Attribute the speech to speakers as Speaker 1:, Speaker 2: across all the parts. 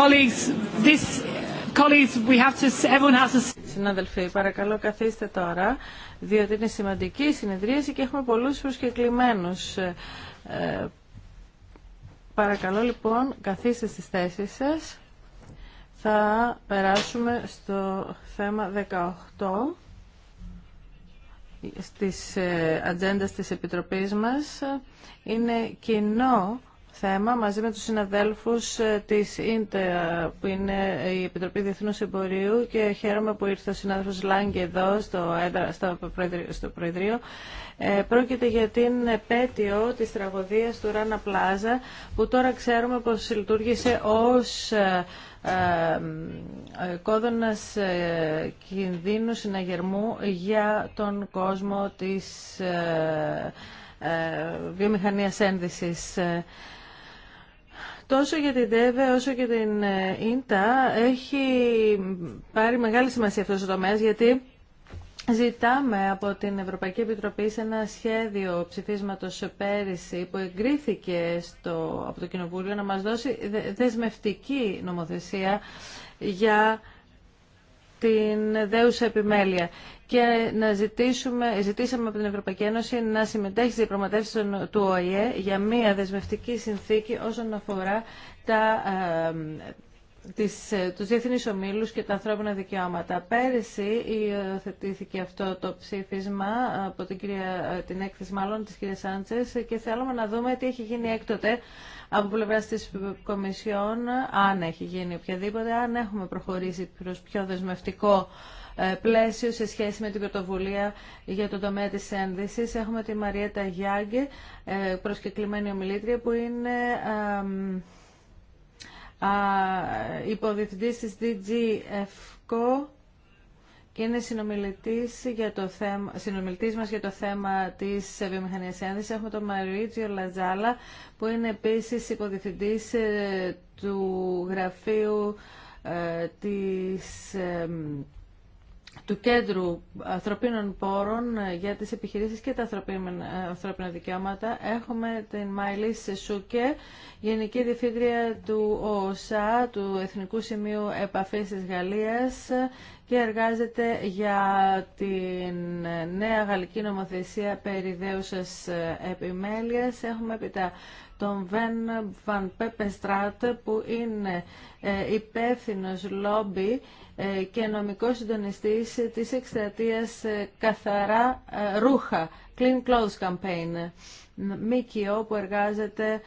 Speaker 1: Colleagues, this colleagues, we
Speaker 2: have to. Συνάδελφοι, παρακαλώ καθίστε τώρα, διότι είναι σημαντική η συνεδρίαση και έχουμε πολλούς προσκεκλημένους. Ε, παρακαλώ λοιπόν, καθίστε στις θέσεις σας. Θα περάσουμε στο θέμα 18 στις ε, ατζέντες της Επιτροπής μας. Είναι κοινό θέμα μαζί με τους συναδέλφους ε, της ίντε που είναι η Επιτροπή Διεθνούς Εμπορίου και χαίρομαι που ήρθε ο συνάδελφος Λάγκη εδώ στο, στο, Προεδρείο, στο Ε, πρόκειται για την επέτειο της τραγωδίας του Ράνα Πλάζα που τώρα ξέρουμε πως λειτουργήσε ως ε, ε, κόδωνας ε, κινδύνου συναγερμού για τον κόσμο της ε, βιομηχανίας ένδυσης. Τόσο για την ΤΕΒΕ όσο και την ΙΝΤΑ έχει πάρει μεγάλη σημασία αυτός ο τομέας γιατί Ζητάμε από την Ευρωπαϊκή Επιτροπή σε ένα σχέδιο ψηφίσματος πέρυσι που εγκρίθηκε στο, από το Κοινοβούλιο να μας δώσει δεσμευτική νομοθεσία για την δέουσα επιμέλεια και να ζητήσουμε, ζητήσαμε από την Ευρωπαϊκή Ένωση να συμμετέχει στις διαπραγματεύσεις του ΟΗΕ για μια δεσμευτική συνθήκη όσον αφορά τα, ε, του ε, τους διεθνείς και τα ανθρώπινα δικαιώματα. Πέρυσι υιοθετήθηκε αυτό το ψήφισμα από την, κυρία, ε, την έκθεση μάλλον της κυρίας Σάντσες και θέλουμε να δούμε τι έχει γίνει έκτοτε από πλευρά της Κομισιόν, αν έχει γίνει οποιαδήποτε, αν έχουμε προχωρήσει προς πιο δεσμευτικό ε, πλαίσιο σε σχέση με την πρωτοβουλία για τον τομέα της ένδυσης. Έχουμε τη Μαριέτα Γιάγκε, προσκεκλημένη ομιλήτρια, που είναι υποδιευθυντής της DG EFCO και είναι συνομιλητής, για μας για το θέμα της βιομηχανίας ένδυσης. Έχουμε τον Μαρίτζιο Λαζάλα που είναι επίσης υποδιευθυντής ε, του γραφείου ε, της ε, του Κέντρου Ανθρωπίνων Πόρων ε, για τις επιχειρήσεις και τα ε, ανθρώπινα δικαιώματα. Έχουμε την Μαϊλή Σεσούκε, Γενική Διευθύντρια του οσα του Εθνικού Σημείου Επαφής της Γαλλίας, και εργάζεται για την νέα γαλλική νομοθεσία περί δέουσας επιμέλειας. Έχουμε επίτα τον Βεν Βαν Πέπεστράτ που είναι ε, υπεύθυνο λόμπι ε, και νομικός συντονιστής της εκστρατείας ε, Καθαρά Ρούχα, Clean Clothes Campaign, ΜΚΟ που εργάζεται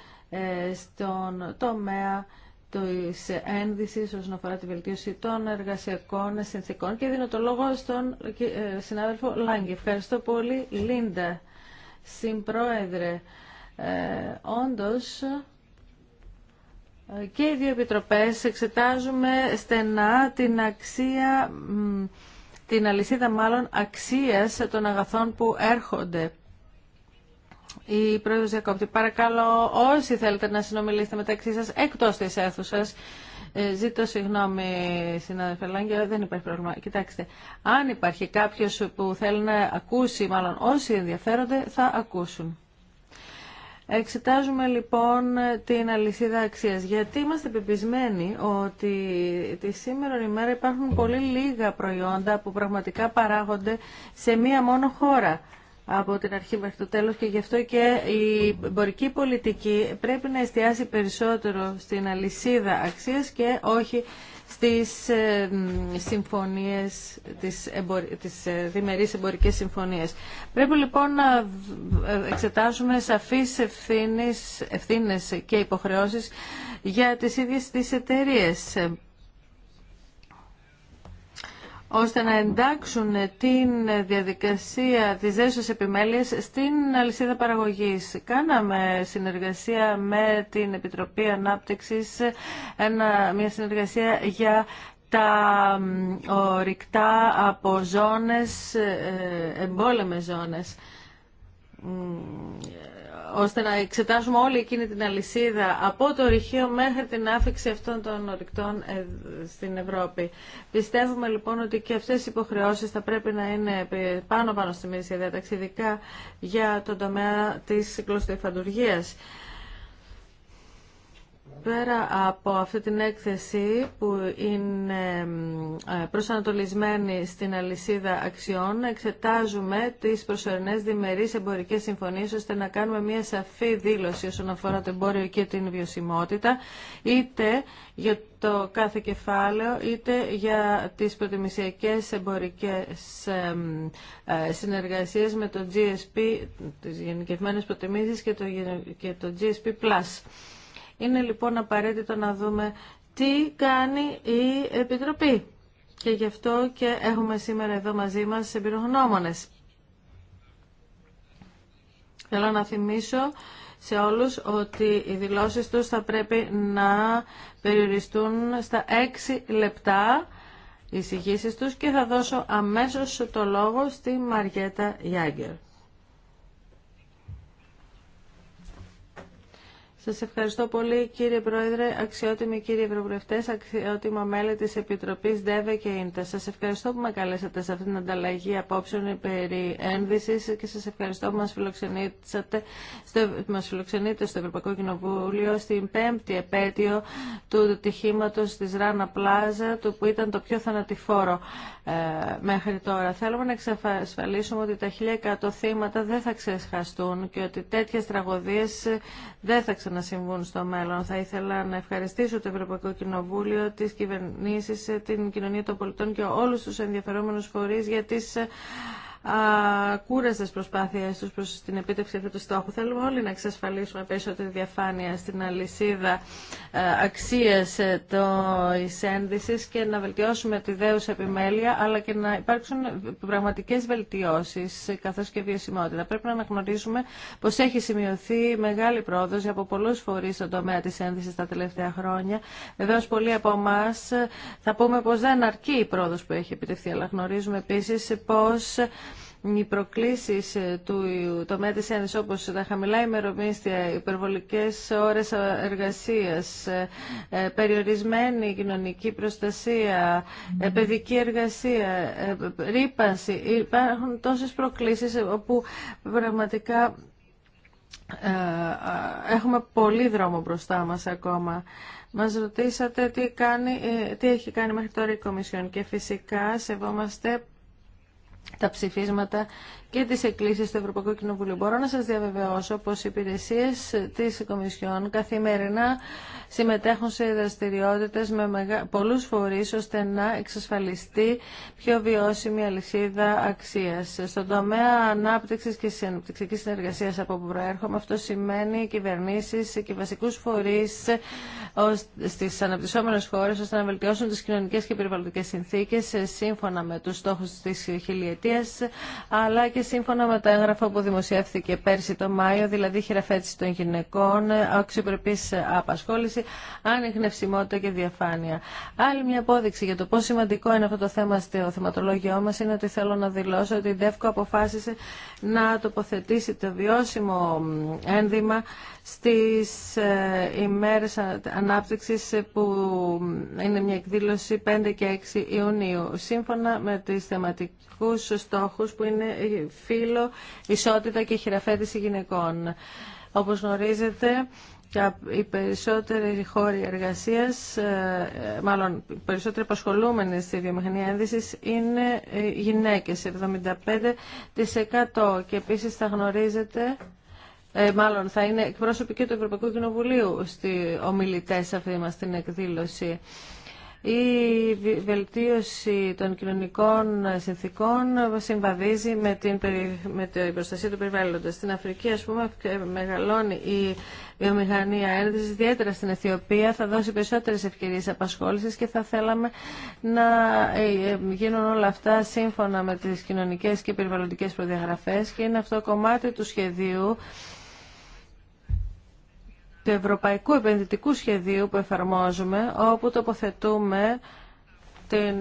Speaker 2: στον τομέα της ένδυσης όσον αφορά τη βελτίωση των εργασιακών συνθήκων και δίνω το λόγο στον ε, συνάδελφο Λάγκη. Ευχαριστώ πολύ Λίντα, συμπρόεδρε. Ε, όντως, ε, και οι δύο επιτροπές εξετάζουμε στενά την αξία, την αλυσίδα μάλλον αξίας των αγαθών που έρχονται η πρόεδρος διακόπτη. Παρακαλώ όσοι θέλετε να συνομιλήσετε μεταξύ σας εκτός της αίθουσας. Ε, Ζήτω συγγνώμη, συνάδελφε Λάγκια, δεν υπάρχει πρόβλημα. Κοιτάξτε, αν υπάρχει κάποιο που θέλει να ακούσει, μάλλον όσοι ενδιαφέρονται, θα ακούσουν. Εξετάζουμε λοιπόν την αλυσίδα αξία, γιατί είμαστε πεπισμένοι ότι τη σήμερα ημέρα υπάρχουν πολύ λίγα προϊόντα που πραγματικά παράγονται σε μία μόνο χώρα από την αρχή μέχρι το τέλος και γι' αυτό και η εμπορική πολιτική πρέπει να εστιάσει περισσότερο στην αλυσίδα αξίας και όχι στις ε, συμφωνίες, τις, εμπορ... τις ε, διμερείς εμπορικές συμφωνίες. Πρέπει λοιπόν να εξετάσουμε σαφείς ευθύνες, ευθύνες και υποχρεώσεις για τις ίδιες τις εταιρείες ώστε να εντάξουν την διαδικασία της δέσμευσης επιμέλειας στην αλυσίδα παραγωγής. Κάναμε συνεργασία με την Επιτροπή Ανάπτυξης, ένα, μια συνεργασία για τα ορυκτά από ζώνες, ε, ε, εμπόλεμες ζώνες ώστε να εξετάσουμε όλη εκείνη την αλυσίδα από το ρηχείο μέχρι την άφηξη αυτών των ορυκτών ε, στην Ευρώπη. Πιστεύουμε λοιπόν ότι και αυτές οι υποχρεώσεις θα πρέπει να είναι πάνω πάνω στη μέση διάταξη, ειδικά για τον τομέα της κλωστοϊφαντουργίας πέρα από αυτή την έκθεση που είναι ε, προσανατολισμένη στην αλυσίδα αξιών, εξετάζουμε τις προσωρινές διμερείς εμπορικές συμφωνίες ώστε να κάνουμε μια σαφή δήλωση όσον αφορά το εμπόριο και την βιωσιμότητα, είτε για το κάθε κεφάλαιο, είτε για τις προτιμησιακές εμπορικές ε, ε, συνεργασίες με το GSP, τις γενικευμένες προτιμήσεις και το GSP+. Είναι λοιπόν απαραίτητο να δούμε τι κάνει η Επιτροπή. Και γι' αυτό και έχουμε σήμερα εδώ μαζί μας εμπειρογνώμονες. Θέλω να θυμίσω σε όλους ότι οι δηλώσεις τους θα πρέπει να περιοριστούν στα 6 λεπτά εισηγήσεις τους και θα δώσω αμέσως το λόγο στη Μαριέτα Γιάγκερ. Σα ευχαριστώ πολύ κύριε Πρόεδρε, αξιότιμοι κύριοι ευρωβουλευτέ, αξιότιμα μέλη τη Επιτροπή ΔΕΒΕ και ΙΝΤΑ. Σα ευχαριστώ που με καλέσατε σε αυτήν την ανταλλαγή απόψεων περί ενδυση και σα ευχαριστώ που μα φιλοξενήσατε στο, φιλοξενείτε στο Ευρωπαϊκό Κοινοβούλιο στην πέμπτη επέτειο του τυχήματο τη Ράνα Πλάζα, του που ήταν το πιο θανατηφόρο ε, μέχρι τώρα. Θέλουμε να εξασφαλίσουμε ότι τα 1.100 θύματα δεν θα ξεχαστούν και ότι τέτοιε τραγωδίες δεν θα να συμβούν στο μέλλον. Θα ήθελα να ευχαριστήσω το Ευρωπαϊκό Κοινοβούλιο, τι κυβερνήσει, την κοινωνία των πολιτών και όλους τους ενδιαφερόμενους φορεί για τις ακούραστε προσπάθειε του προ την επίτευξη αυτού του στόχου. Θέλουμε όλοι να εξασφαλίσουμε περισσότερη διαφάνεια στην αλυσίδα ε, αξία ε, τη ένδυσης και να βελτιώσουμε τη δέουσα επιμέλεια, αλλά και να υπάρξουν πραγματικέ βελτιώσει ε, καθώ και βιωσιμότητα. Πρέπει να αναγνωρίσουμε πω έχει σημειωθεί μεγάλη πρόοδος από πολλού φορεί στον τομέα τη ένδυσης τα τελευταία χρόνια. Βεβαίω πολλοί από εμά θα πούμε πω δεν αρκεί η πρόοδο που έχει επιτευχθεί, αλλά γνωρίζουμε πω. πως οι προκλήσεις ε, του τομέα της Ένωσης όπως τα χαμηλά ημερομίσθια, υπερβολικές ώρες εργασίας, ε, ε, περιορισμένη κοινωνική προστασία, παιδική εργασία, ρήπανση. Υπάρχουν τόσες προκλήσεις όπου πραγματικά έχουμε πολύ δρόμο μπροστά μας ακόμα. Μας ρωτήσατε τι, κάνει, τι έχει κάνει μέχρι τώρα η Κομισιόν και φυσικά σεβόμαστε τα ψηφίσματα και τις εκκλήσεις του Ευρωπαϊκού Κοινοβουλίου. Μπορώ να σας διαβεβαιώσω πως οι υπηρεσίες της Κομισιόν καθημερινά συμμετέχουν σε δραστηριότητες με μεγα... πολλούς φορείς ώστε να εξασφαλιστεί πιο βιώσιμη αλυσίδα αξίας. Στον τομέα ανάπτυξης και αναπτυξικής συνεργασίας από που προέρχομαι, αυτό σημαίνει κυβερνήσεις και βασικούς φορείς στις αναπτυσσόμενες χώρες ώστε να βελτιώσουν τις κοινωνικές και περιβαλλοντικές συνθήκες ε, σύμφωνα με τους στόχους της αλλά και σύμφωνα με το έγγραφο που δημοσιεύθηκε πέρσι το Μάιο, δηλαδή χειραφέτηση των γυναικών, αξιοπρεπής απασχόληση, ανιχνευσιμότητα και διαφάνεια. Άλλη μια απόδειξη για το πόσο σημαντικό είναι αυτό το θέμα στο θεματολόγιο μας είναι ότι θέλω να δηλώσω ότι η ΔΕΦΚΟ αποφάσισε να τοποθετήσει το βιώσιμο ένδυμα στις ε, ημέρες ανάπτυξης που είναι μια εκδήλωση 5 και 6 Ιουνίου σύμφωνα με τις θεματικούς στόχους που είναι φύλλο, ισότητα και χειραφέτηση γυναικών. Όπως γνωρίζετε, οι περισσότεροι χώροι εργασίας, ε, μάλλον οι περισσότεροι απασχολούμενοι στη βιομηχανία ένδυσης είναι γυναίκες, 75% και επίσης θα γνωρίζετε ε, μάλλον θα είναι εκπρόσωποι και του Ευρωπαϊκού Κοινοβουλίου στι ομιλητές αυτή μα την εκδήλωση. Η βελτίωση των κοινωνικών συνθήκων συμβαδίζει με την, με την προστασία του περιβάλλοντος. Στην Αφρική, ας πούμε, μεγαλώνει η βιομηχανία ένδυσης, ιδιαίτερα στην Αιθιοπία, θα δώσει περισσότερες ευκαιρίες απασχόλησης και θα θέλαμε να ε, ε, γίνουν όλα αυτά σύμφωνα με τις κοινωνικές και περιβαλλοντικές προδιαγραφές και είναι αυτό κομμάτι του σχεδίου του Ευρωπαϊκού Επενδυτικού Σχεδίου που εφαρμόζουμε, όπου τοποθετούμε την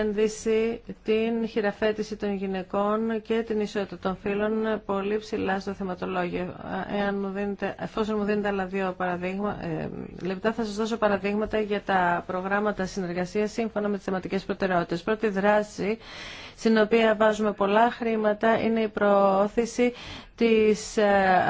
Speaker 2: ένδυση, την χειραφέτηση των γυναικών και την ισότητα των φύλων πολύ ψηλά στο θεματολόγιο. Εάν μου δίνετε, εφόσον μου δίνετε άλλα δύο παραδείγματα ε, λεπτά, θα σας δώσω παραδείγματα για τα προγράμματα συνεργασίας σύμφωνα με τις θεματικές προτεραιότητες. Πρώτη δράση στην οποία βάζουμε πολλά χρήματα, είναι η προώθηση της ε,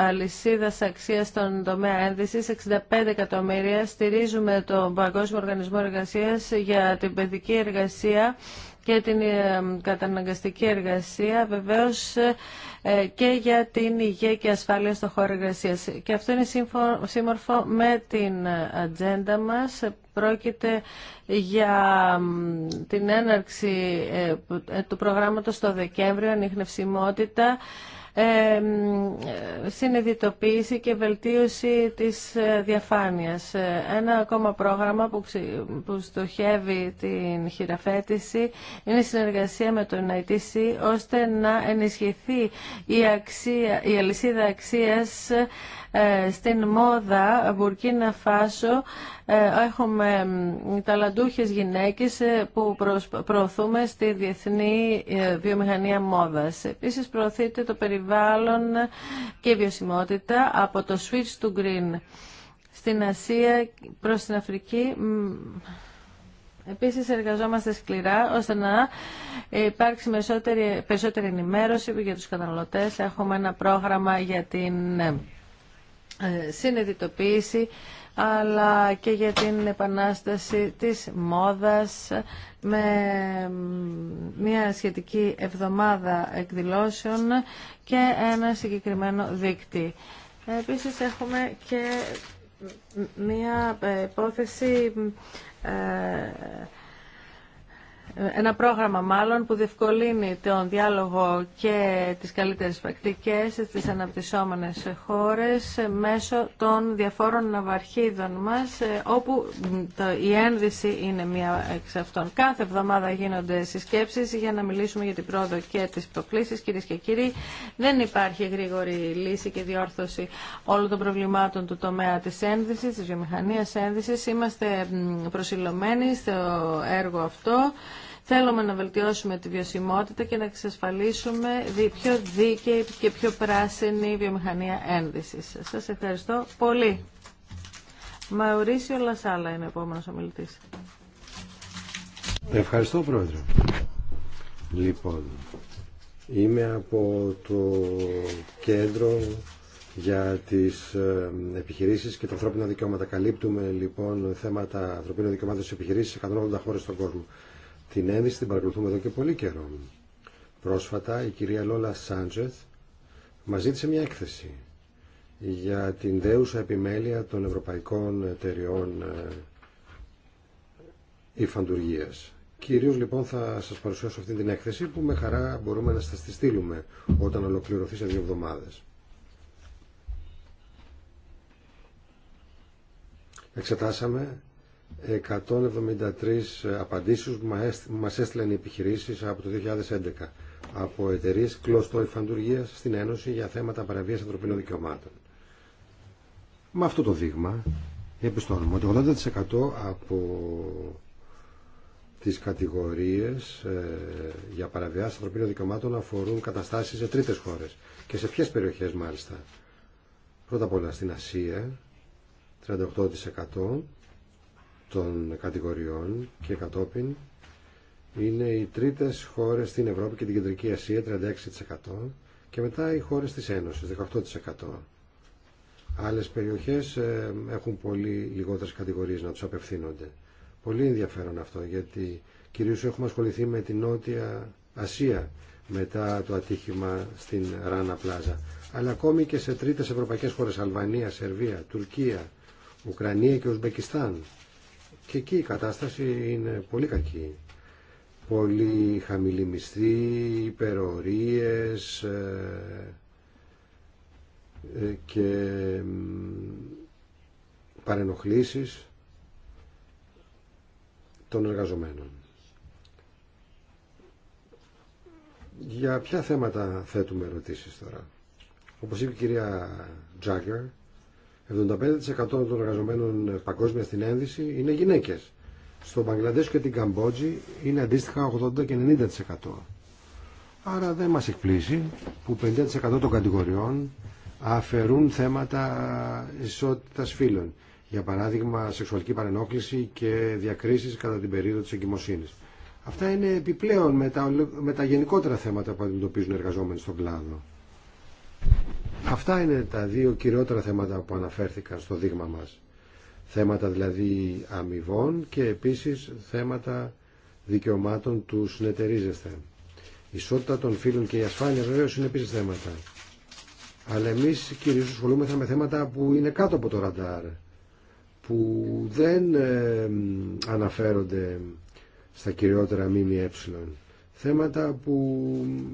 Speaker 2: αλυσίδας αξίας στον τομέα ένδυσης, 65 εκατομμύρια. Στηρίζουμε τον Παγκόσμιο Οργανισμό Εργασίας για την παιδική εργασία και την ε, καταναγκαστική εργασία, βεβαίως ε, ε, και για την υγεία και ασφάλεια στο χώρο εργασία. Και αυτό είναι σύμμορφο με την ατζέντα μας. Πρόκειται για την έναρξη του προγράμματος το Δεκέμβριο, ανιχνευσιμότητα συνειδητοποίηση και βελτίωση της ε, διαφάνειας. Ε, ένα ακόμα πρόγραμμα που, που στοχεύει την χειραφέτηση είναι η συνεργασία με τον ITC ώστε να ενισχυθεί η, αξία, η αλυσίδα αξίας ε, στην μόδα Μπουρκίνα Φάσο ε, έχουμε ταλαντούχες γυναίκες ε, που προωθούμε στη διεθνή βιομηχανία μόδας. Επίσης προωθείται το περιβάλλον και η βιωσιμότητα από το Switch to Green στην Ασία προς την Αφρική Επίσης εργαζόμαστε σκληρά ώστε να υπάρξει περισσότερη, περισσότερη ενημέρωση για τους καταναλωτές. Έχουμε ένα πρόγραμμα για την ε, συνειδητοποίηση αλλά και για την επανάσταση της μόδας με μια σχετική εβδομάδα εκδηλώσεων και ένα συγκεκριμένο δίκτυ. Επίσης έχουμε και μια ε, υπόθεση ε, ένα πρόγραμμα μάλλον που διευκολύνει τον διάλογο και τις καλύτερες πρακτικές στις αναπτυσσόμενες χώρες μέσω των διαφόρων ναυαρχίδων μας ε, όπου η ένδυση είναι μία εξ αυτών. Κάθε εβδομάδα γίνονται συσκέψεις για να μιλήσουμε για την πρόοδο και τις προκλήσεις. Κυρίες και κύριοι, δεν υπάρχει γρήγορη λύση και διόρθωση όλων των προβλημάτων του τομέα της ένδυσης, της βιομηχανίας ένδυσης. Είμαστε προσιλωμένοι στο έργο αυτό. Θέλουμε να βελτιώσουμε τη βιωσιμότητα και να εξασφαλίσουμε πιο δίκαιη και πιο πράσινη βιομηχανία ένδυσης. Σας ευχαριστώ πολύ. Μαουρίσιο Λασάλα είναι ο επόμενος ομιλητής.
Speaker 3: Ευχαριστώ Πρόεδρε. Λοιπόν, είμαι από το κέντρο για τις ε, επιχειρήσεις και τα ανθρώπινα δικαιώματα. Καλύπτουμε λοιπόν θέματα ανθρωπίνων δικαιωμάτων στις επιχειρήσεις σε 180 χώρες στον κόσμο. Την ένδυση την παρακολουθούμε εδώ και πολύ καιρό. Πρόσφατα η κυρία Λόλα Σάντζεθ μας ζήτησε μια έκθεση για την δέουσα επιμέλεια των ευρωπαϊκών εταιριών ε, υφαντουργίας. Κυρίως λοιπόν θα σας παρουσιάσω αυτή την έκθεση που με χαρά μπορούμε να σας τη στείλουμε όταν ολοκληρωθεί σε δύο εβδομάδες. Εξετάσαμε 173 απαντήσεις που μας έστειλαν οι επιχειρήσεις από το 2011 από εταιρείε κλωστό υφαντουργίας στην Ένωση για θέματα παραβίασης ανθρωπίνων δικαιωμάτων. Με αυτό το δείγμα επιστώνουμε ότι 80% από τις κατηγορίες ε, για παραβιάσεις ανθρωπίνων δικαιωμάτων αφορούν καταστάσεις σε τρίτες χώρες και σε ποιες περιοχές μάλιστα. Πρώτα απ' όλα στην Ασία 38% των κατηγοριών και κατόπιν είναι οι τρίτες χώρες στην Ευρώπη και την Κεντρική Ασία 36% και μετά οι χώρες της Ένωσης 18%. Άλλες περιοχές ε, έχουν πολύ λιγότερες κατηγορίες να τους απευθύνονται. Πολύ ενδιαφέρον αυτό γιατί κυρίως έχουμε ασχοληθεί με την Νότια Ασία μετά το ατύχημα στην Ράνα Πλάζα. Αλλά ακόμη και σε τρίτες ευρωπαϊκές χώρες, Αλβανία, Σερβία, Τουρκία, Ουκρανία και Ουσμπεκιστάν και εκεί η κατάσταση είναι πολύ κακή. Πολύ χαμηλή μισθή, υπερορίες ε, ε, και παρενοχλήσεις των εργαζομένων. Για ποια θέματα θέτουμε ερωτήσεις τώρα. Όπως είπε η κυρία Τζάγκερ, 75% των εργαζομένων παγκόσμια στην ένδυση είναι γυναίκες. Στο Μπαγκλαντές και την Καμπότζη είναι αντίστοιχα 80 και 90%. Άρα δεν μα εκπλήσει που 50% των κατηγοριών αφαιρούν θέματα ισότητα φύλων. Για παράδειγμα, σεξουαλική παρενόχληση και διακρίσεις κατά την περίοδο της εγκυμοσύνης. Αυτά είναι επιπλέον με τα, με τα γενικότερα θέματα που αντιμετωπίζουν οι εργαζόμενοι στον κλάδο. Αυτά είναι τα δύο κυριότερα θέματα που αναφέρθηκαν στο δείγμα μας. Θέματα δηλαδή αμοιβών και επίσης θέματα δικαιωμάτων του συνεταιρίζεσθε. Η ισότητα των φίλων και η ασφάλεια βεβαίω είναι επίση θέματα. Αλλά εμεί κυρίω ασχολούμεθα με θέματα που είναι κάτω από το ραντάρ, που δεν ε, αναφέρονται στα κυριότερα ΜΜΕ. Θέματα που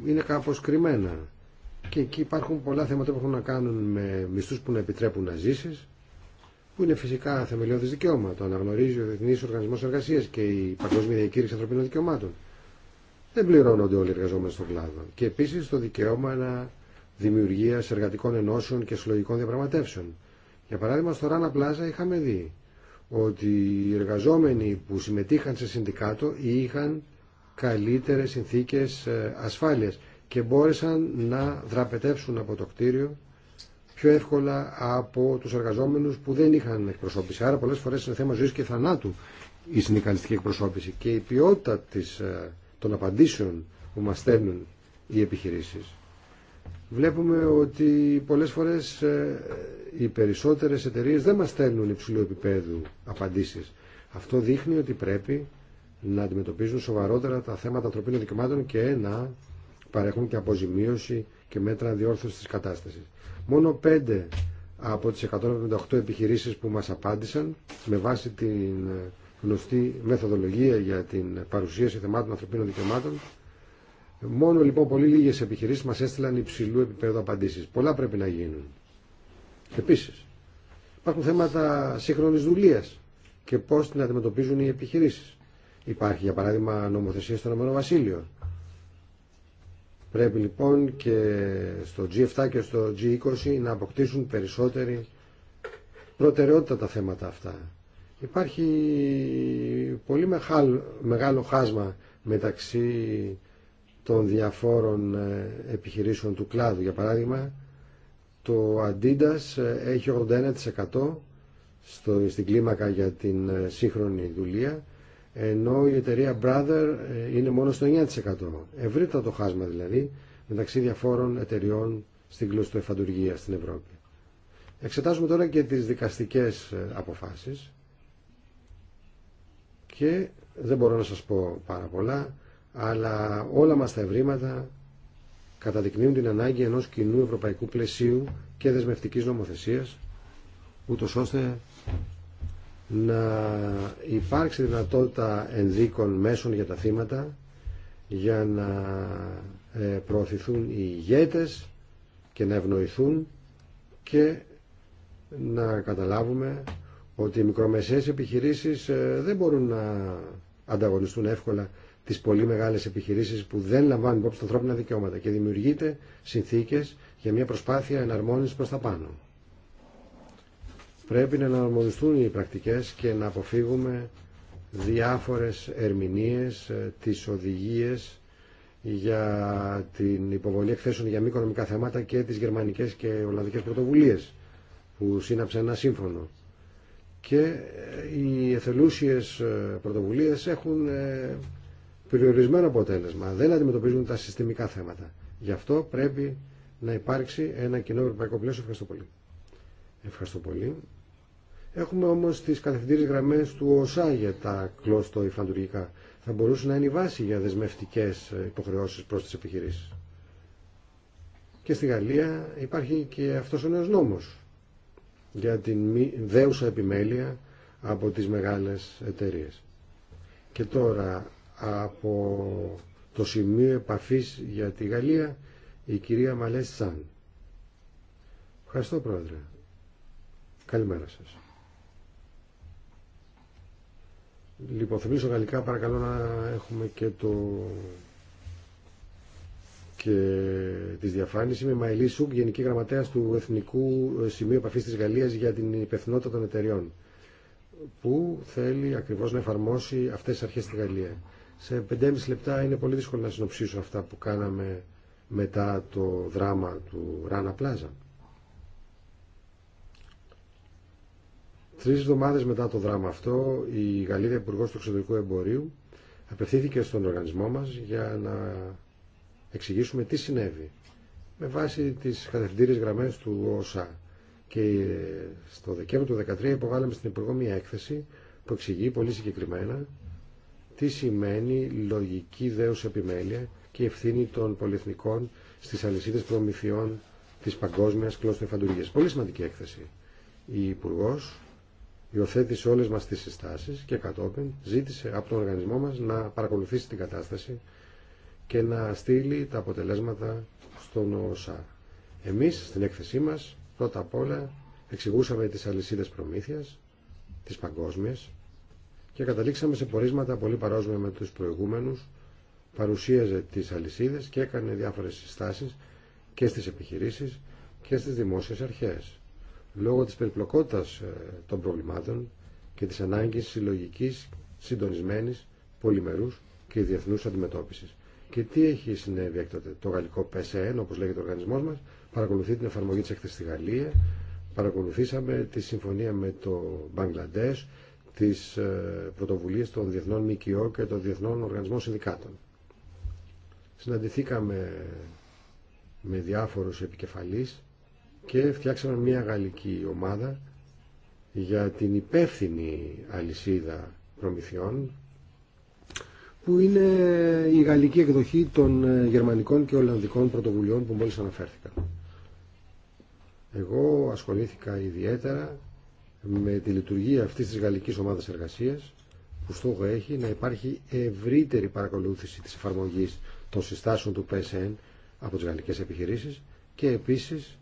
Speaker 3: είναι κάπω κρυμμένα και εκεί υπάρχουν πολλά θέματα που έχουν να κάνουν με μισθούς που να επιτρέπουν να ζήσει, που είναι φυσικά θεμελιώδη δικαίωμα. Το αναγνωρίζει ο διεθνή Οργανισμό εργασία και η Παγκόσμια Διακήρυξη Ανθρωπίνων Δικαιωμάτων. Δεν πληρώνονται όλοι οι εργαζόμενοι στον κλάδο. Και επίση το δικαίωμα να δημιουργία εργατικών ενώσεων και συλλογικών διαπραγματεύσεων. Για παράδειγμα, στο Ράνα Πλάζα είχαμε δει ότι οι εργαζόμενοι που συμμετείχαν σε συνδικάτο είχαν καλύτερες συνθήκες ε, ασφάλειας και μπόρεσαν να δραπετεύσουν από το κτίριο πιο εύκολα από τους εργαζόμενους που δεν είχαν εκπροσώπηση. Άρα πολλές φορές είναι θέμα ζωής και θανάτου η συνδικαλιστική εκπροσώπηση και η ποιότητα της, ε, των απαντήσεων που μας στέλνουν οι επιχειρήσεις. Βλέπουμε ότι πολλές φορές ε, οι περισσότερες εταιρείες δεν μας στέλνουν υψηλού επίπεδου απαντήσεις. Αυτό δείχνει ότι πρέπει να αντιμετωπίζουν σοβαρότερα τα θέματα ανθρωπίνων δικαιωμάτων και να παρέχουν και αποζημίωση και μέτρα διόρθωσης της κατάστασης. Μόνο 5 από τις 158 επιχειρήσεις που μας απάντησαν με βάση την ε, γνωστή μεθοδολογία για την παρουσίαση θεμάτων ανθρωπίνων δικαιωμάτων Μόνο λοιπόν πολύ λίγε επιχειρήσει μα έστειλαν υψηλού επίπεδου απαντήσει. Πολλά πρέπει να γίνουν. Επίση, υπάρχουν θέματα σύγχρονη δουλεία και πώ την αντιμετωπίζουν οι επιχειρήσει. Υπάρχει για παράδειγμα νομοθεσία στο Ηνωμένο Βασίλειο Πρέπει λοιπόν και στο G7 και στο G20 να αποκτήσουν περισσότερη προτεραιότητα τα θέματα αυτά. Υπάρχει πολύ μεγάλο χάσμα μεταξύ των διαφόρων ε, επιχειρήσεων του κλάδου. Για παράδειγμα, το Adidas ε, έχει 81% στην κλίμακα για την ε, σύγχρονη δουλεία ενώ η εταιρεία Brother ε, είναι μόνο στο 9%. Ευρύτατο το χάσμα δηλαδή μεταξύ διαφόρων εταιριών στην κλωστοεφαντουργία στην Ευρώπη. Εξετάζουμε τώρα και τις δικαστικές ε, αποφάσεις και δεν μπορώ να σας πω πάρα πολλά, αλλά όλα μας τα ευρήματα καταδεικνύουν την ανάγκη ενός κοινού ευρωπαϊκού πλαισίου και δεσμευτικής νομοθεσίας, ούτως ώστε να υπάρξει δυνατότητα ενδίκων μέσων για τα θύματα για να ε, προωθηθούν οι ηγέτες και να ευνοηθούν και να καταλάβουμε ότι οι μικρομεσαίες επιχειρήσεις ε, δεν μπορούν να ανταγωνιστούν εύκολα τις πολύ μεγάλες επιχειρήσεις που δεν λαμβάνουν υπόψη τα ανθρώπινα δικαιώματα και δημιουργείται συνθήκες για μια προσπάθεια εναρμόνισης προς τα πάνω. Πρέπει να αναρμονιστούν οι πρακτικές και να αποφύγουμε διάφορες ερμηνείες, ε, τις οδηγίες για την υποβολή εκθέσεων για μη οικονομικά θέματα και τις γερμανικές και ολλανδικές πρωτοβουλίες που σύναψαν ένα σύμφωνο. Και ε, οι εθελούσιες ε, πρωτοβουλίες έχουν περιορισμένο αποτέλεσμα. Δεν αντιμετωπίζουν τα συστημικά θέματα. Γι' αυτό πρέπει να υπάρξει ένα κοινό ευρωπαϊκό πλαίσιο. Ευχαριστώ πολύ. Ευχαριστώ πολύ. Έχουμε όμως τι κατευθυντήριες γραμμές του ΟΣΑ για τα κλώστο υφαντουργικά. Θα μπορούσε να είναι η βάση για δεσμευτικές υποχρεώσεις προ τι επιχειρήσει. Και στη Γαλλία υπάρχει και αυτός ο νέος νόμος για την δέουσα επιμέλεια από τις μεγάλες εταιρείες. Και τώρα από το σημείο επαφής για τη Γαλλία η κυρία Μαλέ Τσάν. Ευχαριστώ πρόεδρε. Καλημέρα σας. Λοιπόν, θυμίσω γαλλικά, παρακαλώ να έχουμε και το και της διαφάνειες Είμαι Μαϊλή Σουκ, Γενική Γραμματέας του Εθνικού Σημείου Επαφής της Γαλλίας για την υπευθυνότητα των εταιριών που θέλει ακριβώς να εφαρμόσει αυτές τις αρχές στη Γαλλία. Σε 5,5 λεπτά είναι πολύ δύσκολο να συνοψίσω αυτά που κάναμε μετά το δράμα του Ράνα Πλάζα. Τρεις εβδομάδες μετά το δράμα αυτό, η Γαλλίδα Υπουργό του Εξωτερικού Εμπορίου απευθύνθηκε στον οργανισμό μας για να εξηγήσουμε τι συνέβη με βάση τις κατευθυντήριες γραμμές του ΟΣΑ. Και στο Δεκέμβριο του 2013 υποβάλαμε στην Υπουργό μια έκθεση που εξηγεί πολύ συγκεκριμένα τι σημαίνει λογική δέους επιμέλεια και ευθύνη των πολυεθνικών στις αλυσίδες προμηθειών της παγκόσμιας κλώστου εφαντουργίας. Πολύ σημαντική έκθεση. Η Υπουργός υιοθέτησε όλες μας τις συστάσεις και κατόπιν ζήτησε από τον οργανισμό μας να παρακολουθήσει την κατάσταση και να στείλει τα αποτελέσματα στον ΟΣΑ. Εμείς στην έκθεσή μας πρώτα απ' όλα εξηγούσαμε τις αλυσίδες προμήθειας, τις παγκόσμιες και καταλήξαμε σε πορίσματα πολύ παρόμοια με τους προηγούμενους, παρουσίαζε τις αλυσίδες και έκανε διάφορες συστάσεις και στις επιχειρήσεις και στις δημόσιες αρχές λόγω της περιπλοκότητας ε, των προβλημάτων και της ανάγκης συλλογικής, συντονισμένης, πολυμερούς και διεθνούς αντιμετώπισης. Και τι έχει συνέβη έκτοτε. Το γαλλικό PSN, όπως λέγεται ο οργανισμός μας, παρακολουθεί την εφαρμογή της έκθεσης στη Γαλλία, παρακολουθήσαμε τη συμφωνία με το Μπαγκλαντές, τις ε, πρωτοβουλίες των Διεθνών ΜΚΟ και των Διεθνών Οργανισμών Συνδικάτων. Συναντηθήκαμε με διάφορους επικεφαλείς και φτιάξαμε μια γαλλική ομάδα για την υπεύθυνη αλυσίδα προμηθειών που είναι η γαλλική εκδοχή των ε, γερμανικών και ολλανδικών πρωτοβουλειών που μόλις αναφέρθηκα. Εγώ ασχολήθηκα ιδιαίτερα με τη λειτουργία αυτής της γαλλικής ομάδας εργασίας που στόχο έχει να υπάρχει ευρύτερη παρακολούθηση της εφαρμογής των συστάσεων του PSN από τις γαλλικές επιχειρήσεις και επίσης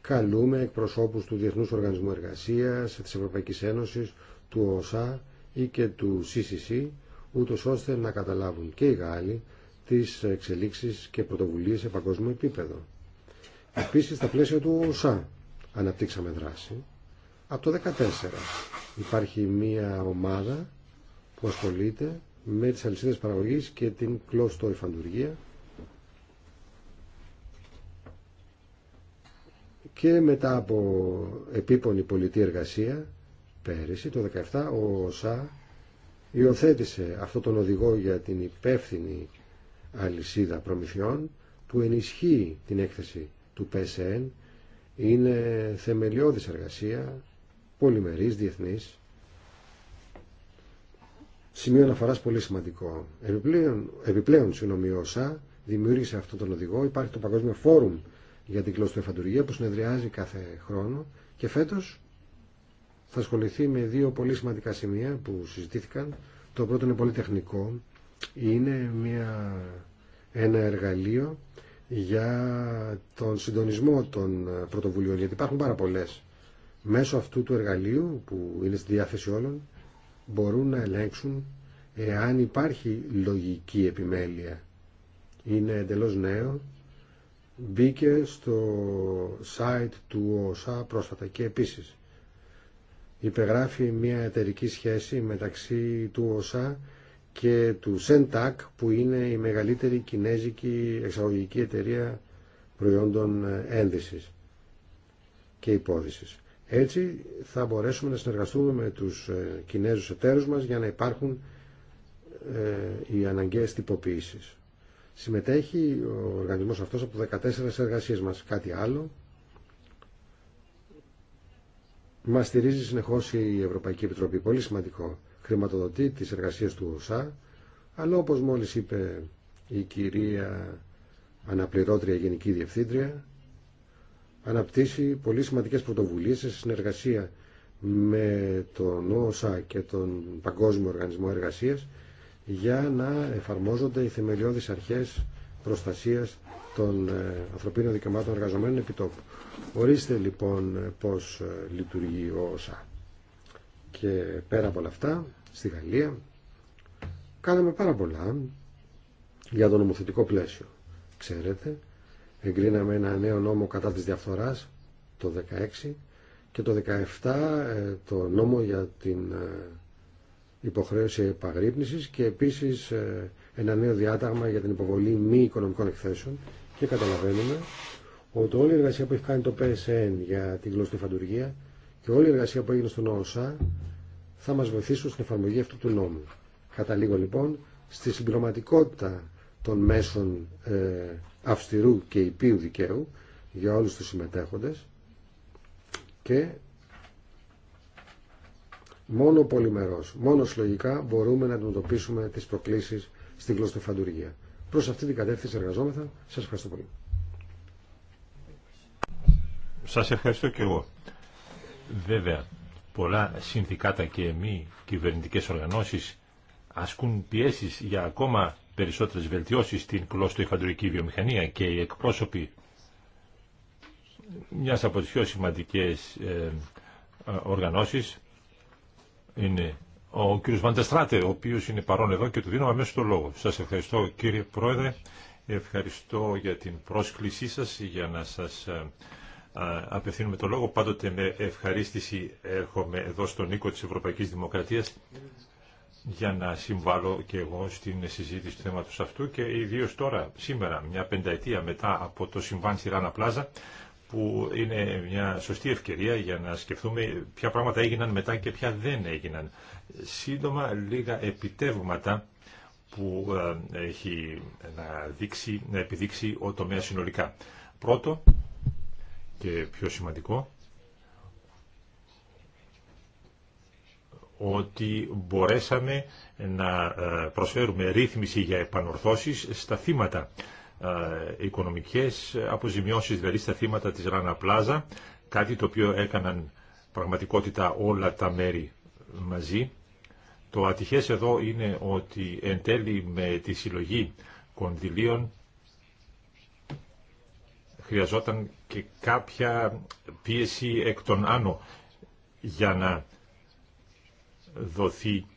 Speaker 3: καλούμε εκπροσώπους του Διεθνούς Οργανισμού Εργασίας, της Ευρωπαϊκής Ένωσης, του ΟΣΑ ή και του CCC, ούτω ώστε να καταλάβουν και οι Γάλλοι τις εξελίξεις και πρωτοβουλίες σε παγκόσμιο επίπεδο. Επίσης, στα πλαίσια του ΟΣΑ αναπτύξαμε δράση. Από το 2014 υπάρχει μία ομάδα που ασχολείται με τις αλυσίδες παραγωγής και την εφαντουργία, και μετά από επίπονη πολιτή εργασία πέρυσι το 2017 ο ΩΣΑ υιοθέτησε αυτό τον οδηγό για την υπεύθυνη αλυσίδα προμηθειών που ενισχύει την έκθεση του ΠΣΕΝ είναι θεμελιώδης εργασία πολυμερής, διεθνής σημείο αναφοράς πολύ σημαντικό επιπλέον, επιπλέον συγγνωμιώσα δημιούργησε αυτόν τον οδηγό υπάρχει το Παγκόσμιο Φόρουμ για την κλωστοεφαντουργία που συνεδριάζει κάθε χρόνο και φέτος θα ασχοληθεί με δύο πολύ σημαντικά σημεία που συζητήθηκαν. Το πρώτο είναι πολύ τεχνικό. Είναι μια, ένα εργαλείο για τον συντονισμό των πρωτοβουλίων γιατί υπάρχουν πάρα πολλές. Μέσω αυτού του εργαλείου που είναι στη διάθεση όλων μπορούν να ελέγξουν εάν υπάρχει λογική επιμέλεια. Είναι εντελώς νέο μπήκε στο site του ΟΣΑ πρόσφατα και επίσης υπεγράφει μια εταιρική σχέση μεταξύ του ΟΣΑ και του ΣΕΝΤΑΚ που είναι η μεγαλύτερη κινέζικη εξαγωγική εταιρεία προϊόντων ένδυσης και υπόδησης. Έτσι θα μπορέσουμε να συνεργαστούμε με τους ε, Κινέζους εταίρους μας για να υπάρχουν ε, οι αναγκαίες τυποποιήσεις συμμετέχει ο οργανισμός αυτός από 14 εργασίες μας. Κάτι άλλο. Μας στηρίζει συνεχώς η Ευρωπαϊκή Επιτροπή. Πολύ σημαντικό. Χρηματοδοτεί τις εργασίες του ΟΣΑ. Αλλά όπως μόλις είπε η κυρία αναπληρώτρια Γενική Διευθύντρια, αναπτύσσει πολύ σημαντικές πρωτοβουλίες σε συνεργασία με τον ΟΣΑ και τον Παγκόσμιο Οργανισμό Εργασίας για να εφαρμόζονται οι θεμελιώδεις αρχές προστασίας των ε, ανθρωπίνων δικαιωμάτων εργαζομένων επιτόπου. Ορίστε λοιπόν πώς ε, λειτουργεί ο ΩΣΑ. Και πέρα από όλα αυτά, στη Γαλλία, κάναμε πάρα πολλά για το νομοθετικό πλαίσιο. Ξέρετε, εγκρίναμε ένα νέο νόμο κατά της διαφθοράς το 16 και το 17 ε, το νόμο για την υποχρέωση επαγρύπνησης και επίσης ε, ένα νέο διάταγμα για την υποβολή μη οικονομικών εκθέσεων και καταλαβαίνουμε ότι όλη η εργασία που έχει κάνει το PSN για την γλωσσική φαντουργία και όλη η εργασία που έγινε στον ΩΣΑ θα μας βοηθήσουν στην εφαρμογή αυτού του νόμου. Καταλήγω λοιπόν στη συμπληρωματικότητα των μέσων ε, αυστηρού και υπείου δικαίου για όλους τους συμμετέχοντες και Μόνο πολυμερός, μόνο συλλογικά μπορούμε να αντιμετωπίσουμε τις προκλήσεις στην κλωστοφαντουργία. Προς αυτή την κατεύθυνση εργαζόμεθα. Σας ευχαριστώ πολύ.
Speaker 4: Σας ευχαριστώ και εγώ. Βέβαια, πολλά συνδικάτα και εμεί κυβερνητικές οργανώσεις ασκούν πιέσεις για ακόμα περισσότερες βελτιώσεις στην κλωστοφαντουργική βιομηχανία και οι εκπρόσωποι μιας από τις πιο σημαντικές ε, ε, οργανώσεις είναι ο κύριος Βαντεστράτε, ο οποίος είναι παρόν εδώ και του δίνω αμέσως το λόγο. Σας ευχαριστώ κύριε Πρόεδρε, ευχαριστώ για την πρόσκλησή σας, για να σας ε, απευθύνουμε το λόγο. Πάντοτε με ευχαρίστηση έρχομαι εδώ στον οίκο τη Ευρωπαϊκής Δημοκρατίας για να συμβάλλω και εγώ στην συζήτηση του θέματος αυτού και ιδίω τώρα, σήμερα, μια πενταετία μετά από το συμβάν στη Ράνα Πλάζα, που είναι μια σωστή ευκαιρία για να σκεφτούμε ποια πράγματα έγιναν μετά και ποια δεν έγιναν. Σύντομα λίγα επιτεύγματα που ε, έχει να, δείξει, να επιδείξει ο τομέας συνολικά. Πρώτο και πιο σημαντικό, ότι μπορέσαμε να ε, προσφέρουμε ρύθμιση για επανορθώσεις στα θύματα ε, οικονομικές αποζημιώσεις δηλαδή στα θύματα της Ράνα Πλάζα, κάτι το οποίο έκαναν πραγματικότητα όλα τα μέρη μαζί. Το ατυχές εδώ είναι ότι εν τέλει με τη συλλογή κονδυλίων χρειαζόταν και κάποια πίεση εκ των άνω για να δοθεί η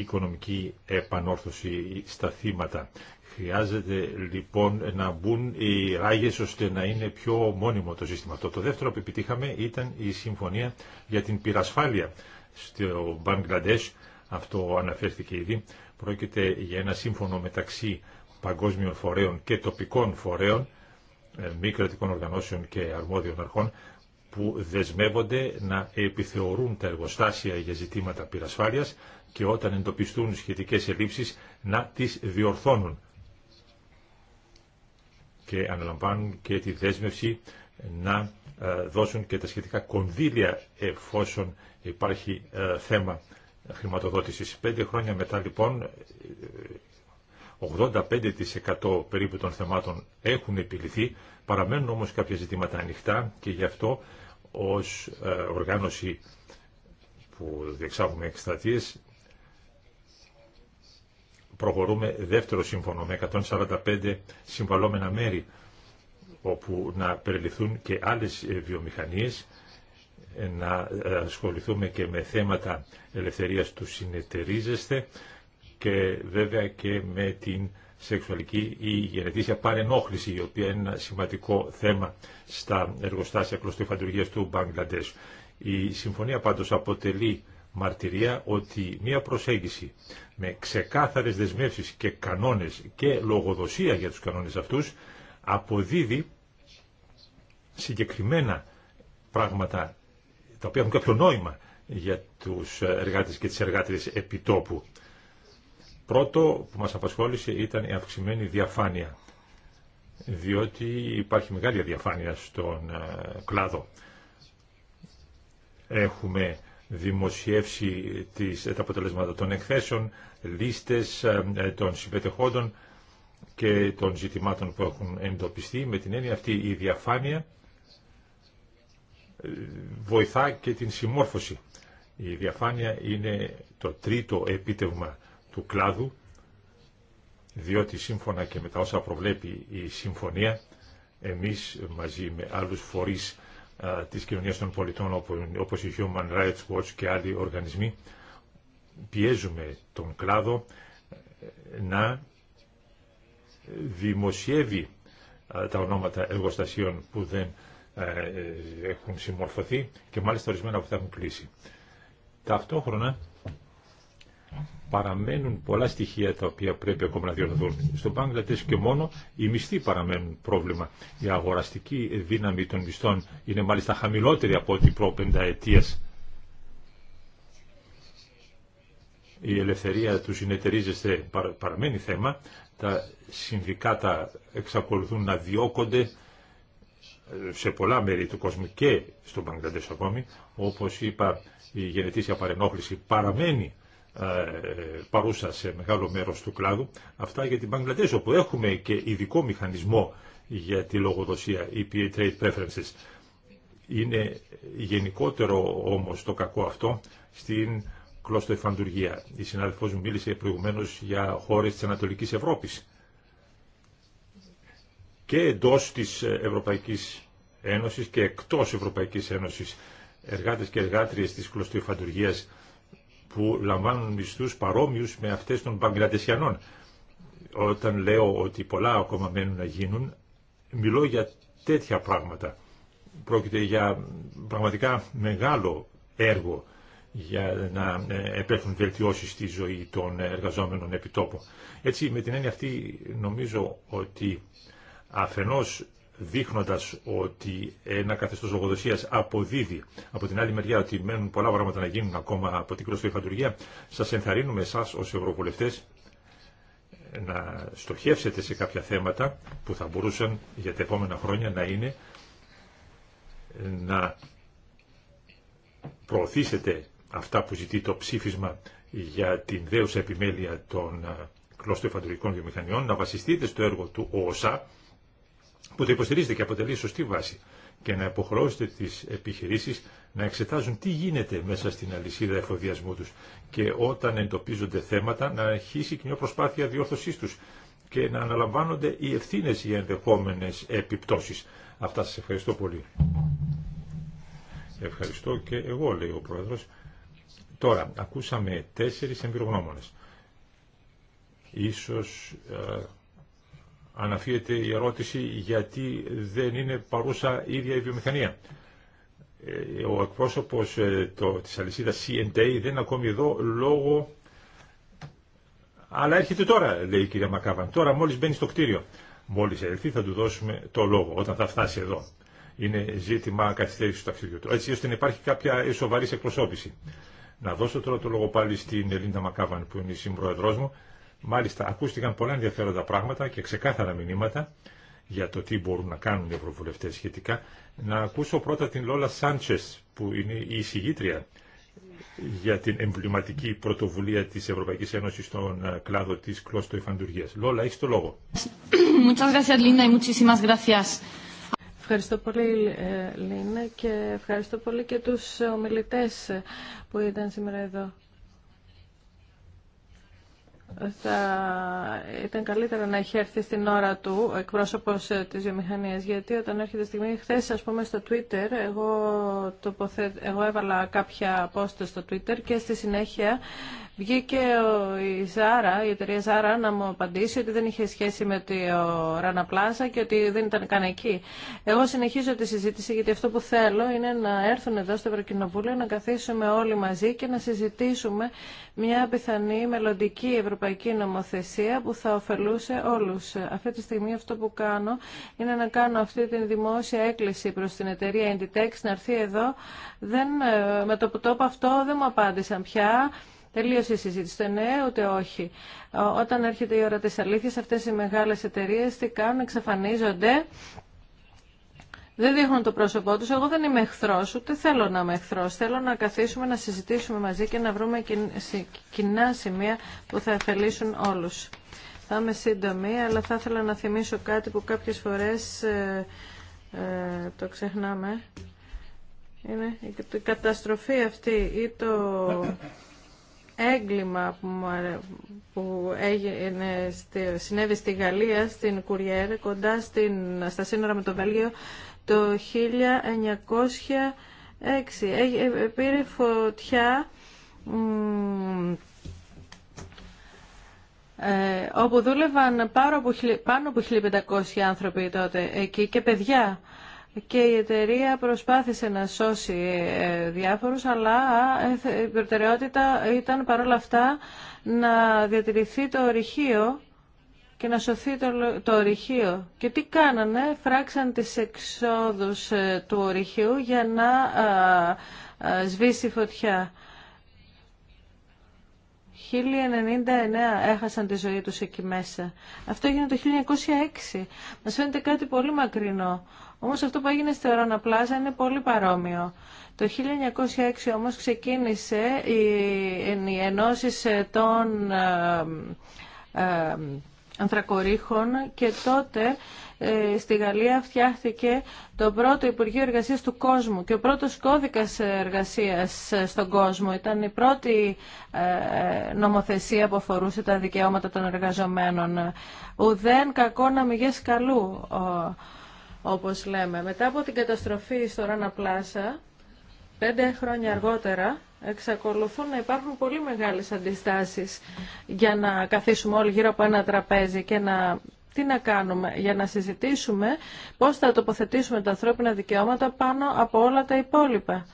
Speaker 4: οικονομική επανόρθωση στα θύματα. Χρειάζεται λοιπόν να μπουν οι ράγες ώστε να είναι πιο μόνιμο το σύστημα Το δεύτερο που επιτύχαμε ήταν η συμφωνία για την πυρασφάλεια στο Μπαγκλαντές, αυτό αναφέρθηκε ήδη, πρόκειται για ένα σύμφωνο μεταξύ παγκόσμιων φορέων και τοπικών φορέων, ε, μη κρατικών οργανώσεων και αρμόδιων αρχών, που δεσμεύονται να επιθεωρούν τα εργοστάσια για ζητήματα πυρασφάλειας και όταν εντοπιστούν σχετικές ελλείψεις να τις διορθώνουν και αναλαμβάνουν και τη δέσμευση να ε, δώσουν και τα σχετικά κονδύλια εφόσον υπάρχει ε, θέμα χρηματοδότησης. Πέντε χρόνια μετά λοιπόν 85% περίπου των θεμάτων έχουν επιληθεί, παραμένουν όμως κάποια ζητήματα ανοιχτά και γι' αυτό ως ε, οργάνωση που διεξάγουμε εκστρατείες προχωρούμε δεύτερο σύμφωνο με 145 συμβαλόμενα μέρη όπου να περιληφθούν και άλλες ε, βιομηχανίες, ε, να ε, ασχοληθούμε και με θέματα ελευθερίας του συνεταιρίζεστε και βέβαια και με την σεξουαλική ή γενετήσια παρενόχληση, η οποία είναι ένα σημαντικό θέμα στα εργοστάσια κλωστοϊφαντουργίας του Μπαγκλαντές. Η συμφωνία πάντως εργοστασια κλωστοφαντουργιας μαρτυρία ότι μία προσέγγιση με ξεκάθαρες δεσμεύσεις και κανόνες και λογοδοσία για τους κανόνες αυτούς αποδίδει συγκεκριμένα πράγματα τα οποία έχουν κάποιο νόημα για τους εργάτες και τις εργάτες επιτόπου. Πρώτο που μας απασχόλησε ήταν η αυξημένη διαφάνεια, διότι υπάρχει μεγάλη διαφάνεια στον ε, κλάδο. Έχουμε δημοσιεύσει τις, τα αποτελέσματα των εκθέσεων, λίστες ε, ε, των συμμετεχόντων και των ζητημάτων που έχουν εντοπιστεί. Με την έννοια αυτή η διαφάνεια ε, βοηθά και την συμμόρφωση. Η διαφάνεια είναι το τρίτο επίτευγμα του κλάδου, διότι σύμφωνα και με τα όσα προβλέπει η συμφωνία, εμείς μαζί με άλλους φορείς ε, της κοινωνίας των πολιτών όπως η Human Rights Watch και άλλοι οργανισμοί πιέζουμε τον κλάδο ε, να δημοσιεύει ε, τα ονόματα εργοστασίων που δεν έχουν συμμορφωθεί και μάλιστα ορισμένα που θα έχουν κλείσει. Ταυτόχρονα παραμένουν πολλά στοιχεία τα οποία πρέπει ακόμα να διορθωθούν. Στο Μπάγκλατες και μόνο οι μισθοί παραμένουν πρόβλημα. Η αγοραστική δύναμη των μισθών είναι μάλιστα χαμηλότερη από ό,τι προ πενταετίας. Η ελευθερία του συνεταιρίζεστε παραμένει θέμα. Τα συνδικάτα εξακολουθούν να διώκονται ε, σε πολλά μέρη του κόσμου και στο Μπαγκλαντές ακόμη. Όπως είπα, η γενετήσια παρενόχληση παραμένει ε, παρούσα σε μεγάλο μέρος του κλάδου. Αυτά για την Μπαγκλαντές, όπου έχουμε και ειδικό μηχανισμό για τη λογοδοσία EPA Trade Preferences. Είναι γενικότερο όμως το κακό αυτό στην κλωστοεφαντουργία. Η συνάδελφός μου μίλησε προηγουμένως για χώρες της Ανατολικής Ευρώπης και εντός της Ευρωπαϊκής Ένωσης και εκτός Ευρωπαϊκής Ένωσης εργάτες και εργάτριες της κλωστοϊφαντουργίας που λαμβάνουν μισθούς παρόμοιους με αυτές των Παγκλατεσιανών. Όταν λέω ότι πολλά ακόμα μένουν να γίνουν, μιλώ για τέτοια πράγματα. Πρόκειται για πραγματικά μεγάλο έργο για να ε, επέλθουν βελτιώσεις στη ζωή των εργαζόμενων επιτόπου. Έτσι, με την έννοια αυτή, νομίζω ότι αφενός δείχνοντας ότι ένα καθεστώς λογοδοσίας αποδίδει από την άλλη μεριά ότι μένουν πολλά πράγματα να γίνουν ακόμα από την κλωστοϊφαντουργία, σας ενθαρρύνουμε εσάς ως ευρωβουλευτές να στοχεύσετε σε κάποια θέματα που θα μπορούσαν για τα επόμενα χρόνια να είναι να προωθήσετε αυτά που ζητεί το ψήφισμα για την δέουσα επιμέλεια των ε, κλωστοϊφαντουργικών βιομηχανιών, να βασιστείτε στο έργο του ΟΟΣΑ, που το υποστηρίζετε και αποτελεί σωστή βάση και να υποχρεώσετε τις επιχειρήσεις να εξετάζουν τι γίνεται μέσα στην αλυσίδα εφοδιασμού τους και όταν εντοπίζονται θέματα να αρχίσει και μια προσπάθεια διόρθωσής τους και να αναλαμβάνονται οι ευθύνες για ενδεχόμενες επιπτώσεις. Αυτά σας ευχαριστώ πολύ. Ευχαριστώ και εγώ, λέει ο Πρόεδρος. Τώρα, ακούσαμε τέσσερις εμπειρογνώμονες. Ίσως ε, αναφύεται η ερώτηση γιατί δεν είναι παρούσα η ίδια η βιομηχανία. Ε, ο εκπρόσωπος ε, το, της αλυσίδας CNTA δεν είναι ακόμη εδώ λόγω... Αλλά έρχεται τώρα, λέει η κυρία Μακάβαν. Τώρα μόλις μπαίνει στο κτίριο. Μόλις έρθει θα του δώσουμε το λόγο όταν θα φτάσει εδώ. Είναι ζήτημα καθυστέρηση του ταξιδιού του. Έτσι ώστε να υπάρχει κάποια σοβαρή εκπροσώπηση. Να δώσω τώρα το λόγο πάλι στην Ελίντα Μακάβαν που είναι η συμπροεδρός μου Μάλιστα, ακούστηκαν πολλά ενδιαφέροντα πράγματα και ξεκάθαρα μηνύματα για το τι μπορούν να κάνουν οι ευρωβουλευτέ σχετικά. Να ακούσω πρώτα την Λόλα Σάντσε, που είναι η εισηγήτρια για την εμβληματική πρωτοβουλία τη Ευρωπαϊκή Ένωση στον ε, κλάδο τη κλωστοϊφαντουργία. Λόλα, έχει το λόγο.
Speaker 2: Ευχαριστώ πολύ, ε, Λίνα, και ευχαριστώ πολύ και τους ομιλητές που ήταν σήμερα εδώ θα ήταν καλύτερα να έχει έρθει στην ώρα του ο εκπρόσωπος ε, της βιομηχανία, γιατί όταν έρχεται η στιγμή, χθε ας πούμε στο Twitter, εγώ, τοποθε... εγώ έβαλα κάποια post στο Twitter και στη συνέχεια Βγήκε η Ζάρα, η εταιρεία Ζάρα να μου απαντήσει ότι δεν είχε σχέση με τη Ραναπλάσα και ότι δεν ήταν καν εκεί. Εγώ συνεχίζω τη συζήτηση γιατί αυτό που θέλω είναι να έρθουν εδώ στο Ευρωκοινοβούλιο να καθίσουμε όλοι μαζί και να συζητήσουμε μια πιθανή μελλοντική ευρωπαϊκή νομοθεσία που θα ωφελούσε όλου. Αυτή τη στιγμή αυτό που κάνω είναι να κάνω αυτή την δημόσια έκκληση προ την εταιρεία Inditex να έρθει εδώ. Δεν, ε, με το που το είπα αυτό δεν μου απάντησαν πια. Τελείωσε η συζήτηση. Το ναι, ούτε όχι. Όταν έρχεται η ώρα της αλήθειας, αυτές οι μεγάλες εταιρείε τι κάνουν, εξαφανίζονται. Δεν δείχνουν το πρόσωπό τους. Εγώ δεν είμαι εχθρός, ούτε θέλω να είμαι εχθρό. Θέλω να καθίσουμε, να συζητήσουμε μαζί και να βρούμε κοινά σημεία που θα εφελήσουν όλους. Θα είμαι σύντομη, αλλά θα ήθελα να θυμίσω κάτι που κάποιες φορές ε, ε το ξεχνάμε. Είναι η καταστροφή αυτή ή το έγκλημα που έγινε, συνέβη στη Γαλλία, στην Κουριέρ, κοντά στην, στα σύνορα με το Βέλγιο, το 1906. Ε, ε, πήρε φωτιά ε, όπου δούλευαν πάνω από 1500 άνθρωποι τότε εκεί και παιδιά και η εταιρεία προσπάθησε να σώσει ε, διάφορους, αλλά ε, η προτεραιότητα ήταν παρόλα αυτά να διατηρηθεί το ορυχείο και να σωθεί το, το ορυχείο. Και τι κάνανε, φράξαν τις εξόδους ε, του ορυχείου για να α, α, σβήσει φωτιά. 1099 έχασαν τη ζωή τους εκεί μέσα. Αυτό έγινε το 1906. Μας φαίνεται κάτι πολύ μακρινό. Όμως αυτό που έγινε στο Ρώνα Πλάζα είναι πολύ παρόμοιο. Το 1906 όμως ξεκίνησε η ενώση ε, των ε, ε, ανθρακορίχων και τότε στη Γαλλία φτιάχτηκε το πρώτο Υπουργείο Εργασίας του κόσμου και ο πρώτος κώδικας εργασίας στον κόσμο. Ήταν η πρώτη νομοθεσία που αφορούσε τα δικαιώματα των εργαζομένων. Ουδέν κακό να μηγές καλού όπως λέμε. Μετά από την καταστροφή στο Ράνα Πλάσα, πέντε χρόνια αργότερα, εξακολουθούν να υπάρχουν πολύ μεγάλες αντιστάσεις για να καθίσουμε όλοι γύρω από ένα τραπέζι και να τι να κάνουμε για να συζητήσουμε πώς θα τοποθετήσουμε τα ανθρώπινα δικαιώματα πάνω από όλα τα υπόλοιπα.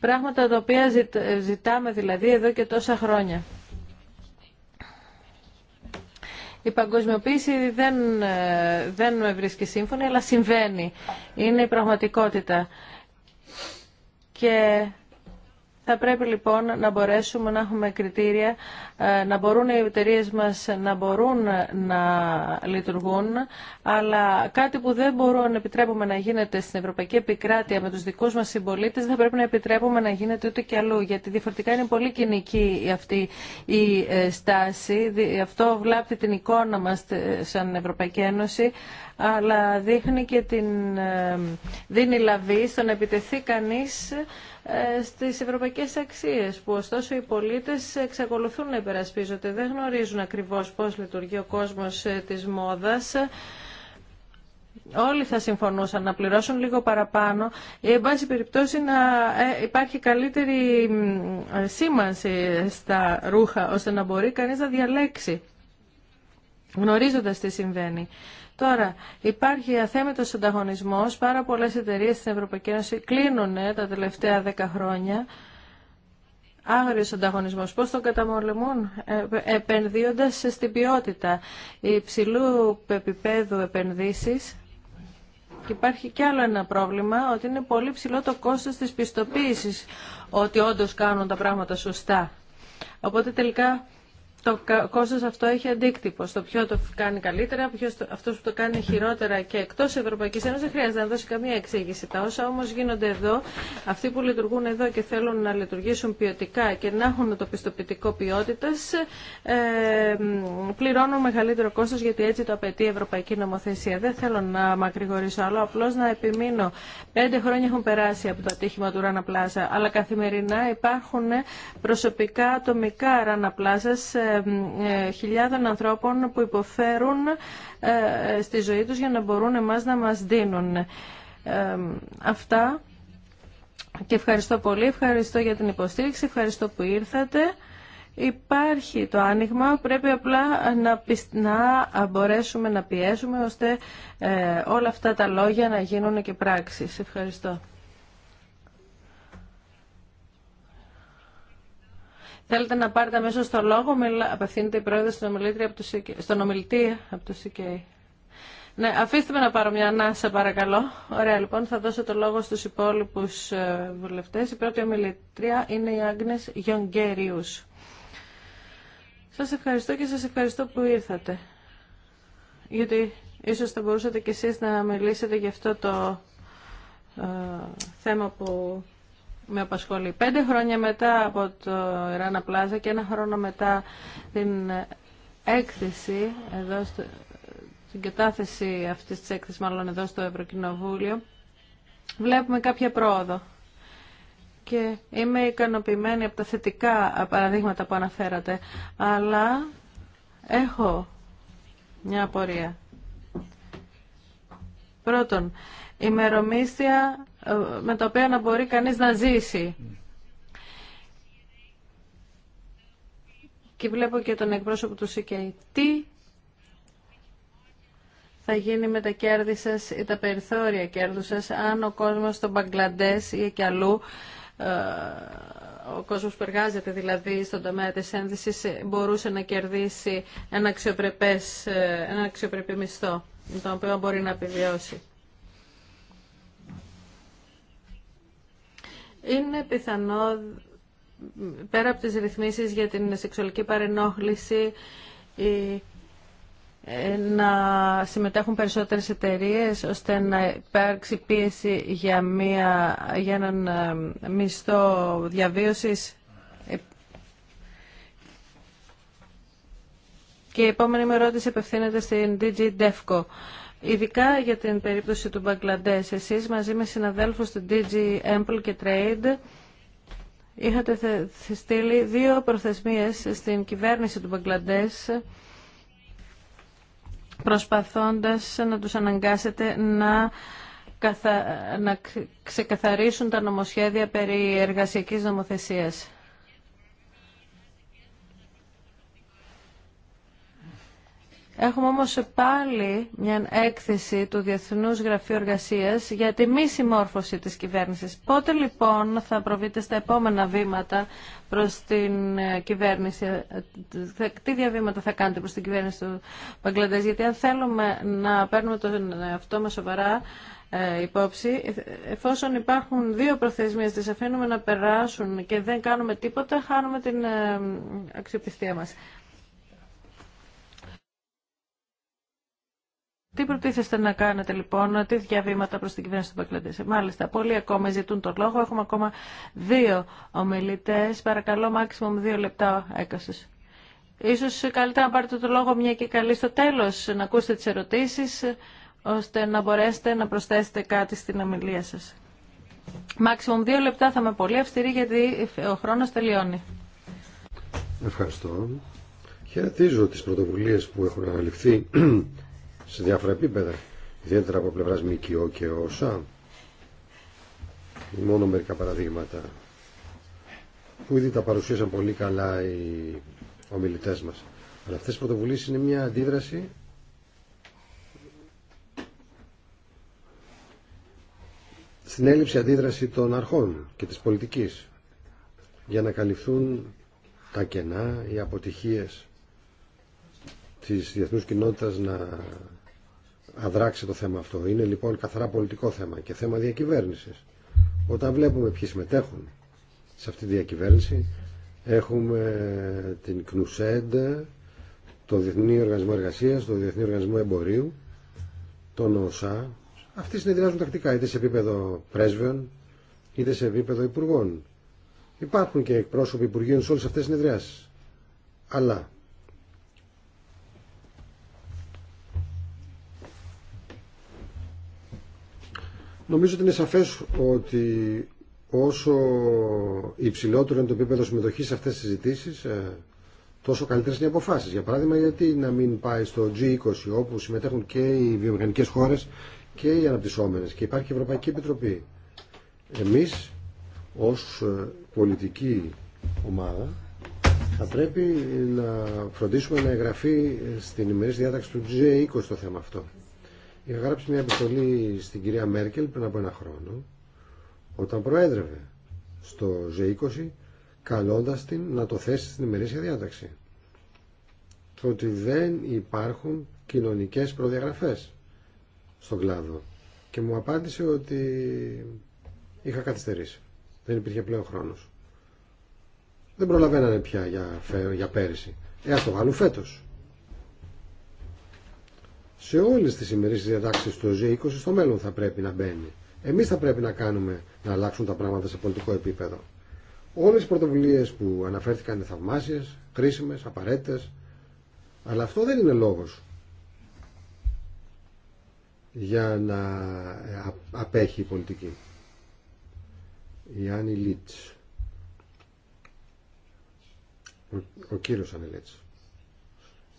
Speaker 2: Πράγματα τα οποία ζητάμε δηλαδή εδώ και τόσα χρόνια. Η παγκοσμιοποίηση δεν, ε, δεν με βρίσκει σύμφωνη, αλλά συμβαίνει. Είναι η πραγματικότητα. Και θα πρέπει λοιπόν να μπορέσουμε να έχουμε κριτήρια, ε, να μπορούν οι εταιρείε μας να μπορούν να λειτουργούν, αλλά κάτι που δεν μπορούμε να επιτρέπουμε να γίνεται στην Ευρωπαϊκή Επικράτεια με τους δικούς μας συμπολίτες, θα πρέπει να επιτρέπουμε να γίνεται ούτε και αλλού, γιατί διαφορετικά είναι πολύ κοινική αυτή η ε, στάση. Αυτό βλάπτει την εικόνα μας σαν Ευρωπαϊκή Ένωση, αλλά δείχνει και την, ε, δίνει λαβή στο να επιτεθεί κανείς ε, στις ευρωπαϊκές αξίες που ωστόσο οι πολίτες εξακολουθούν να υπερασπίζονται. Δεν γνωρίζουν ακριβώς πώς λειτουργεί ο κόσμος ε, της μόδας. Όλοι θα συμφωνούσαν να πληρώσουν λίγο παραπάνω ή ε, εν πάση περιπτώσει να υπάρχει καλύτερη σήμανση στα ρούχα ώστε να μπορεί κανείς να διαλέξει γνωρίζοντας τι συμβαίνει. Τώρα, υπάρχει αθέμητο ανταγωνισμό. Πάρα πολλέ εταιρείε στην Ευρωπαϊκή Ένωση κλείνουν ε, τα τελευταία δέκα χρόνια. Άγριο ανταγωνισμό. Πώ τον καταμολυμούν, ε, επενδύοντα στην ποιότητα υψηλού επίπεδου επενδύσει. Και υπάρχει κι άλλο ένα πρόβλημα, ότι είναι πολύ ψηλό το κόστος της πιστοποίησης, ότι όντως κάνουν τα πράγματα σωστά. Οπότε τελικά το κόστος αυτό έχει αντίκτυπο. Στο ποιο το κάνει καλύτερα, ποιος αυτός που το κάνει χειρότερα και εκτός Ευρωπαϊκής Ένωσης δεν χρειάζεται να δώσει καμία εξήγηση. Τα όσα όμως γίνονται εδώ, αυτοί που λειτουργούν εδώ και θέλουν να λειτουργήσουν ποιοτικά και να έχουν το πιστοποιητικό ποιότητας, ε, πληρώνουν μεγαλύτερο κόστος γιατί έτσι το απαιτεί η Ευρωπαϊκή Νομοθεσία. Δεν θέλω να μακρηγορήσω άλλο, απλώς να επιμείνω. Πέντε χρόνια έχουν περάσει από το ατύχημα του Ραναπλάσα, αλλά καθημερινά υπάρχουν προσωπικά ατομικά ε, χιλιάδων ανθρώπων που υποφέρουν ε, στη ζωή τους για να μπορούν εμάς να μας δίνουν. Ε, αυτά και ευχαριστώ πολύ, ευχαριστώ για την υποστήριξη, ευχαριστώ που ήρθατε. Υπάρχει το άνοιγμα, πρέπει απλά να, να μπορέσουμε να πιέσουμε ώστε όλα αυτά τα λόγια να γίνουν και πράξεις. Ευχαριστώ. Θέλετε να πάρετε αμέσω το λόγο, απευθύνεται η πρόεδρο στον ομιλητή από το CK. Στον ομιλητή από το CK. Ναι, αφήστε με να πάρω μια ανάσα παρακαλώ. Ωραία, λοιπόν, θα δώσω το λόγο στους υπόλοιπους ε, βουλευτέ. Η πρώτη ομιλητρία είναι η Άγνες Γιονγκέριους. Σας ευχαριστώ και σας ευχαριστώ που ήρθατε. Γιατί ίσως θα μπορούσατε κι εσείς να μιλήσετε για αυτό το ε, θέμα που με απασχολεί. Πέντε χρόνια μετά από το Ράνα Πλάζα και ένα χρόνο μετά την έκθεση, εδώ στο, την κατάθεση αυτής της έκθεσης μάλλον εδώ στο Ευρωκοινοβούλιο, βλέπουμε κάποια πρόοδο. Και είμαι ικανοποιημένη από τα θετικά παραδείγματα που αναφέρατε, αλλά έχω μια απορία. Πρώτον, η με τα οποία να μπορεί κανείς να ζήσει. Και βλέπω και τον εκπρόσωπο του CK. Τι θα γίνει με τα κέρδη σας ή τα περιθώρια κέρδους σας αν ο κόσμος στο Μπαγκλαντές ή και αλλού ε, ο κόσμος που εργάζεται δηλαδή στον τομέα της ένδυσης μπορούσε να κερδίσει ένα, ε, αξιοπρεπή μισθό με τον οποίο μπορεί να επιβιώσει. είναι πιθανό πέρα από τις ρυθμίσεις για την σεξουαλική παρενόχληση ε, να συμμετέχουν περισσότερες εταιρείε ώστε να υπάρξει πίεση για, μια, για έναν ε, μισθό διαβίωσης και η επόμενη με ερώτηση απευθύνεται στην DG DEFCO. Ειδικά για την περίπτωση του Μπαγκλαντές, εσείς μαζί με συναδέλφους του DG Ample και Trade είχατε στείλει δύο προθεσμίες στην κυβέρνηση του Μπαγκλαντές προσπαθώντας να τους αναγκάσετε να ξεκαθαρίσουν τα νομοσχέδια περί εργασιακής νομοθεσίας. Έχουμε όμως πάλι μια έκθεση του Διεθνούς Γραφείου εργασία για τη μη συμμόρφωση της κυβέρνησης. Πότε λοιπόν θα προβείτε στα επόμενα βήματα προς την ε, κυβέρνηση, ε, τι διαβήματα θα κάνετε προς την κυβέρνηση του Παγκλαντές, γιατί αν θέλουμε να παίρνουμε τον αυτό μας σοβαρά, ε, υπόψη. Εφόσον υπάρχουν δύο προθεσμίες, τις αφήνουμε να περάσουν και δεν κάνουμε τίποτα, χάνουμε την αξιοπιστία μας. Τι προτίθεστε να κάνετε λοιπόν, τι διαβήματα προ την κυβέρνηση του Μπαγκλαντέ. Ε, μάλιστα, πολλοί ακόμα ζητούν τον λόγο. Έχουμε ακόμα δύο ομιλητέ. Παρακαλώ, μάξιμουμ δύο λεπτά έκαστος. Ίσως καλύτερα να πάρετε τον λόγο μια και καλή στο τέλο να ακούσετε τι ερωτήσει, ώστε να μπορέσετε να προσθέσετε κάτι στην ομιλία σας. Μάξιμουμ δύο λεπτά θα είμαι πολύ αυστηρή γιατί ο χρόνος τελειώνει.
Speaker 3: Ευχαριστώ. Χαιρετίζω τις πρωτοβουλίες που έχουν αναλυφθεί σε διάφορα επίπεδα, ιδιαίτερα από πλευρά ΜΚΟ και ΩΣΑ. Μόνο μερικά παραδείγματα που ήδη τα παρουσίασαν πολύ καλά οι ομιλητέ μα. Αλλά αυτέ οι πρωτοβουλίε είναι μια αντίδραση στην έλλειψη αντίδραση των αρχών και της πολιτικής για να καλυφθούν τα κενά, οι αποτυχίες της διεθνούς κοινότητας να αδράξει το θέμα αυτό. Είναι λοιπόν καθαρά πολιτικό θέμα και θέμα διακυβέρνησης. Όταν βλέπουμε ποιοι συμμετέχουν σε αυτή τη διακυβέρνηση, έχουμε την ΚΝΟΥΣΕΝΤ, το Διεθνή Οργανισμό εργασία, το Διεθνή Οργανισμό Εμπορίου, τον ΟΣΑ. Αυτοί συνεδριάζουν τακτικά είτε σε επίπεδο πρέσβεων, είτε σε επίπεδο υπουργών. Υπάρχουν και εκπρόσωποι υπουργείων σε όλε αυτέ τι συνεδριάσει. Αλλά Νομίζω ότι είναι σαφές ότι όσο υψηλότερο είναι το επίπεδο συμμετοχής σε αυτές τις συζητήσεις, ε, τόσο καλύτερες είναι οι αποφάσεις. Για παράδειγμα, γιατί να μην πάει στο G20, όπου συμμετέχουν και οι βιομηχανικές χώρες και οι αναπτυσσόμενες και υπάρχει η Ευρωπαϊκή Επιτροπή. Εμείς, ως ε, πολιτική ομάδα, θα πρέπει να φροντίσουμε να εγγραφεί στην ημερή διάταξη του G20 το θέμα αυτό. Είχα γράψει μια επιστολή στην κυρία Μέρκελ πριν από ένα χρόνο όταν προέδρευε στο G20 καλώντας την να το θέσει στην ημερήσια διάταξη. Το ότι δεν υπάρχουν κοινωνικές προδιαγραφές στον κλάδο. Και μου απάντησε ότι είχα καθυστερήσει. Δεν υπήρχε πλέον χρόνος. Δεν προλαβαίνανε πια για, για πέρυσι. Ε, ας το βάλουν φέτος σε όλες τις ημερήσεις διατάξεις του G20 στο μέλλον θα πρέπει να μπαίνει. Εμείς θα πρέπει να κάνουμε να αλλάξουν τα πράγματα σε πολιτικό επίπεδο. Όλες οι πρωτοβουλίες που αναφέρθηκαν είναι θαυμάσιες, κρίσιμες, απαραίτητες, αλλά αυτό δεν είναι λόγος για να ε, απέχει η πολιτική. Η Άννη Λίτς. Ο, ο κύριος Λίτς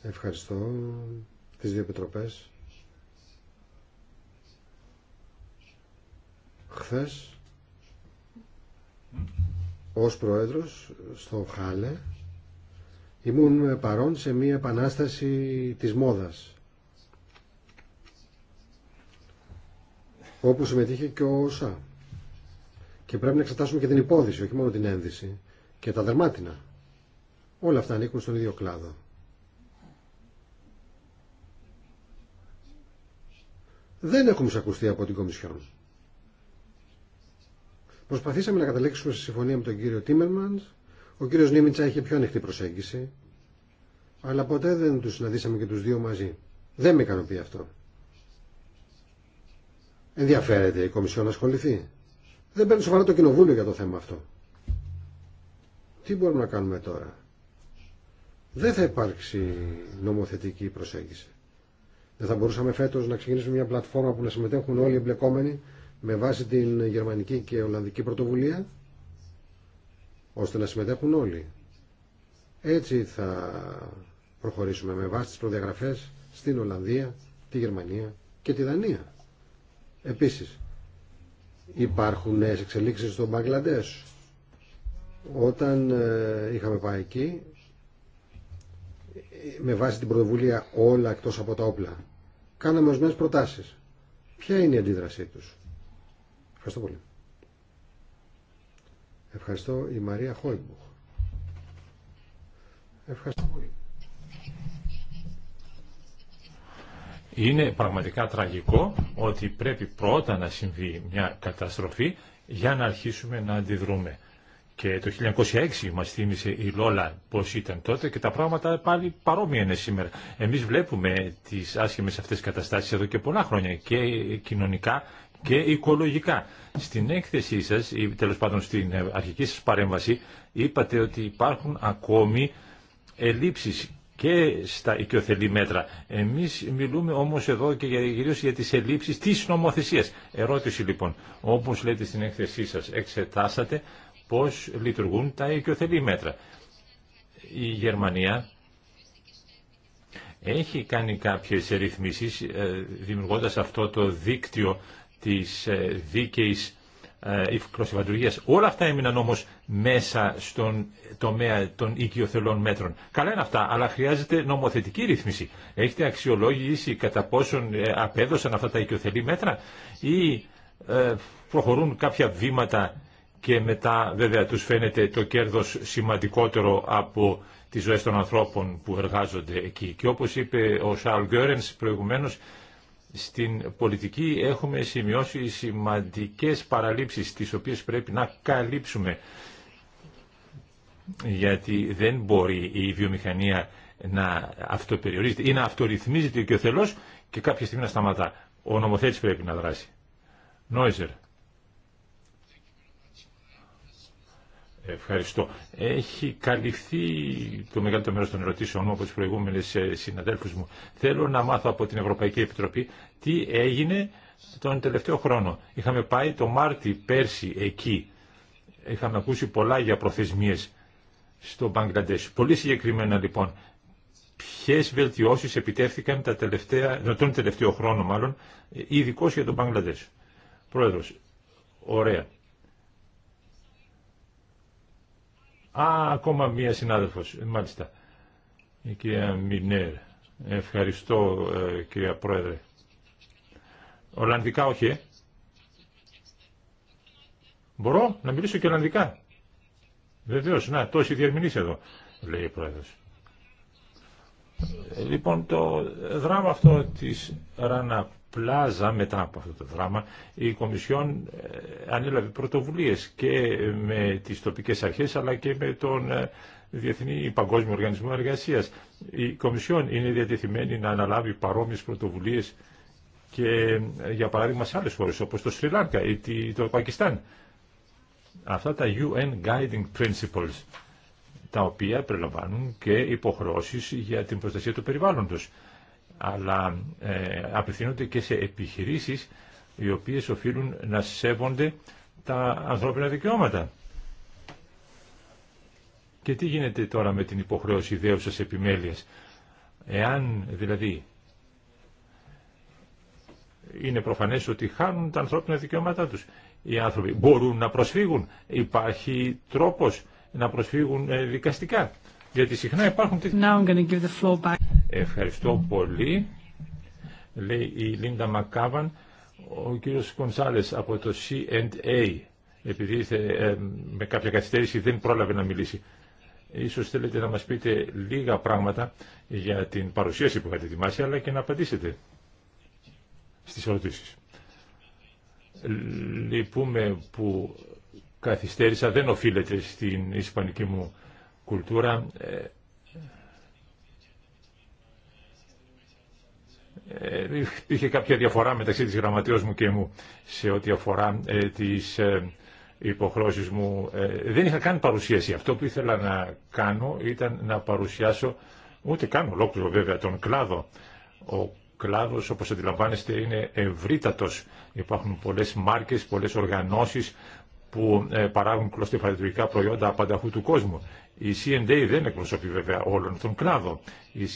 Speaker 3: Ευχαριστώ τις δύο επιτροπές χθες ως πρόεδρος στο Χάλε ήμουν παρόν σε μια επανάσταση της μόδας όπου συμμετείχε και ο ΩΣΑ και πρέπει να εξετάσουμε και την υπόδειση, όχι μόνο την ένδυση και τα δερμάτινα όλα αυτά ανήκουν στον ίδιο κλάδο δεν έχουμε εισακουστεί από την Κομισιόν. Προσπαθήσαμε να καταλήξουμε σε συμφωνία με τον κύριο Τίμερμαντ. Ο κύριο Νίμιτσα είχε πιο ανοιχτή προσέγγιση. Αλλά ποτέ δεν του συναντήσαμε και του δύο μαζί. Δεν με ικανοποιεί αυτό. Ενδιαφέρεται η Κομισιόν να ασχοληθεί. Δεν παίρνει σοβαρά το Κοινοβούλιο για το θέμα αυτό. Τι μπορούμε να κάνουμε τώρα. Δεν θα υπάρξει νομοθετική προσέγγιση. Δεν θα μπορούσαμε φέτος να ξεκινήσουμε μια πλατφόρμα που να συμμετέχουν όλοι οι εμπλεκόμενοι με βάση την γερμανική και ολλανδική πρωτοβουλία, ώστε να συμμετέχουν όλοι. Έτσι θα προχωρήσουμε με βάση τι προδιαγραφέ στην Ολλανδία, τη Γερμανία και τη Δανία. Επίσης, υπάρχουν νέε εξελίξεις στο Μπαγκλαντές. Όταν ε, είχαμε πάει εκεί, με βάση την πρωτοβουλία όλα εκτός από τα όπλα κάναμε ορισμένε προτάσει. Ποια είναι η αντίδρασή τους. Ευχαριστώ πολύ. Ευχαριστώ η Μαρία Χόιμπουχ. Ευχαριστώ πολύ.
Speaker 4: Είναι πραγματικά τραγικό ότι πρέπει πρώτα να συμβεί μια καταστροφή για να αρχίσουμε να αντιδρούμε. Και το 1906 μας θύμισε η Λόλα πώς ήταν τότε και τα πράγματα πάλι παρόμοια είναι σήμερα. Εμείς βλέπουμε τις άσχημες αυτές καταστάσεις εδώ και πολλά χρόνια και κοινωνικά και οικολογικά. Στην έκθεσή σας, ή τέλος πάντων στην αρχική σας παρέμβαση, είπατε ότι υπάρχουν ακόμη ελλείψεις και στα οικειοθελή μέτρα. Εμείς μιλούμε όμως εδώ και κυρίως για τις ελλείψεις της νομοθεσίας. Ερώτηση λοιπόν, όπως λέτε στην έκθεσή σας, εξετάσατε πώς λειτουργούν τα οικειοθελή μέτρα. Η Γερμανία έχει κάνει κάποιες ρυθμίσεις ε, δημιουργώντας αυτό το δίκτυο της ε, δίκαιης ευκλωσιβαντουργίας. Όλα αυτά έμειναν όμως μέσα στον τομέα των οικειοθελών μέτρων. Καλά είναι αυτά, αλλά χρειάζεται νομοθετική ρύθμιση. Έχετε αξιολόγηση κατά πόσον ε, απέδωσαν αυτά τα οικειοθελή μέτρα ή προχωρούν κάποια βήματα και μετά βέβαια τους φαίνεται το κέρδος σημαντικότερο από τις ζωές των ανθρώπων που εργάζονται εκεί. Και όπως είπε ο Σαρλ Γκέρενς προηγουμένως, στην πολιτική έχουμε σημειώσει σημαντικές παραλήψεις τις οποίες πρέπει να καλύψουμε γιατί δεν μπορεί η βιομηχανία να αυτοπεριορίζεται ή να αυτορυθμίζεται και ο θελός και κάποια στιγμή να σταματά. Ο νομοθέτης πρέπει να δράσει. Νόιζερ. Ευχαριστώ. Έχει καλυφθεί το μεγαλύτερο μέρος των ερωτήσεων μου από τις προηγούμενες ε, συναδέλφους μου. Θέλω να μάθω από την Ευρωπαϊκή Επιτροπή τι έγινε τον τελευταίο χρόνο. Είχαμε πάει το Μάρτι πέρσι εκεί. Είχαμε ακούσει πολλά για προθεσμίες στο Μπαγκλαντές. Πολύ συγκεκριμένα λοιπόν, ποιε βελτιώσει επιτεύχθηκαν τελευταία, τον τελευταίο χρόνο μάλλον, ε, ειδικώ για τον Μπαγκλαντές. Πρόεδρο. ωραία. Α, ακόμα μία συνάδελφος, μάλιστα. Η κυρία Μινέρ. Ευχαριστώ, ε, κυρία Πρόεδρε. Ολλανδικά όχι, ε. Μπορώ να μιλήσω και Ολλανδικά. Βεβαίω, να, τόσοι διερμηνεί εδώ, λέει ο Πρόεδρος. Ε, λοιπόν, το δράμα αυτό της Ρανά Πλάζα μετά από αυτό το δράμα η Κομισιόν ε, ανέλαβε πρωτοβουλίες και με τις τοπικές αρχές αλλά και με τον ε, Διεθνή Παγκόσμιο Οργανισμό Εργασίας. Η Κομισιόν είναι διατεθειμένη να αναλάβει παρόμοιες πρωτοβουλίες και ε, για παράδειγμα σε άλλες χώρες όπως το Σριλάνκα ή το Πακιστάν. Αυτά τα UN Guiding Principles τα οποία περιλαμβάνουν και υποχρεώσεις για την προστασία του περιβάλλοντος αλλά ε, απευθύνονται και σε επιχειρήσεις οι οποίες οφείλουν να σέβονται τα ανθρώπινα δικαιώματα. Και τι γίνεται τώρα με την υποχρέωση ιδέουσας επιμέλειας. Εάν δηλαδή είναι προφανές ότι χάνουν τα ανθρώπινα δικαιώματά τους. Οι άνθρωποι μπορούν να προσφύγουν. Υπάρχει τρόπος να προσφύγουν ε, δικαστικά. Γιατί συχνά υπάρχουν... Ευχαριστώ πολύ. Λέει η Λίντα Μακάβαν, ο κύριος Κονσάλες από το C&A, επειδή ε, με κάποια καθυστέρηση δεν πρόλαβε να μιλήσει. Ίσως θέλετε να μας πείτε λίγα πράγματα για την παρουσίαση που είχατε ετοιμάσει, αλλά και να απαντήσετε στις ερωτήσεις. Λυπούμε που καθυστέρησα, δεν οφείλεται στην ισπανική μου κουλτούρα. Ε, υπήρχε ε, κάποια διαφορά μεταξύ της γραμματείας μου και μου σε ό,τι αφορά ε, τις ε, υποχρώσεις μου. Ε, δεν είχα καν παρουσίαση. Αυτό που ήθελα να κάνω ήταν να παρουσιάσω, ούτε καν ολόκληρο βέβαια, τον κλάδο. Ο κλάδος, όπως αντιλαμβάνεστε, είναι ευρύτατος. Υπάρχουν πολλές μάρκες, πολλές οργανώσεις που παράγουν κλωστεφαλαιτουργικά προϊόντα απανταχού του κόσμου. Η C&A δεν εκπροσωπεί βέβαια όλον τον κλάδο. Η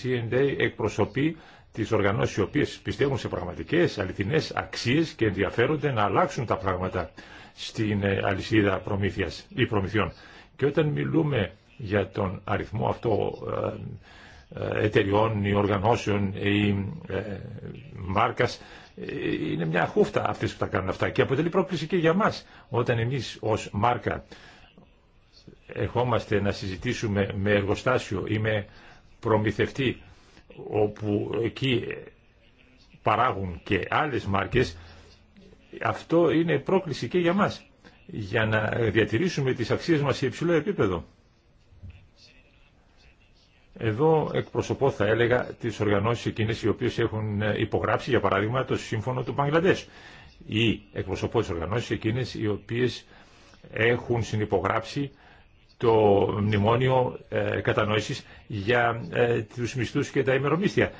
Speaker 4: εκπροσωπεί τι οργανώσει οι οποίε πιστεύουν σε πραγματικέ αληθινές αξίε και ενδιαφέρονται να αλλάξουν τα πράγματα στην ε, αλυσίδα προμήθεια ή προμηθειών. Και όταν μιλούμε για τον αριθμό αυτό ε, ε, εταιριών ή οργανώσεων ή μάρκας, είναι μια χούφτα αυτές που τα κάνουν αυτά και αποτελεί πρόκληση και για μας όταν εμείς ως μάρκα ερχόμαστε να συζητήσουμε με εργοστάσιο ή με προμηθευτή όπου εκεί παράγουν και άλλες μάρκες, αυτό είναι πρόκληση και για μας, για να διατηρήσουμε τις αξίες μας σε υψηλό επίπεδο. Εδώ εκπροσωπώ, θα έλεγα, τις οργανώσεις εκείνες οι οποίες έχουν ε, υπογράψει, για παράδειγμα, το Σύμφωνο του Παγκλαντές. ή εκπροσωπώ τις οργανώσεις εκείνες οι οποίες έχουν συνυπογράψει το μνημόνιο ε, κατανόησης για ε, τους μισθούς και τα ημερομίσθια.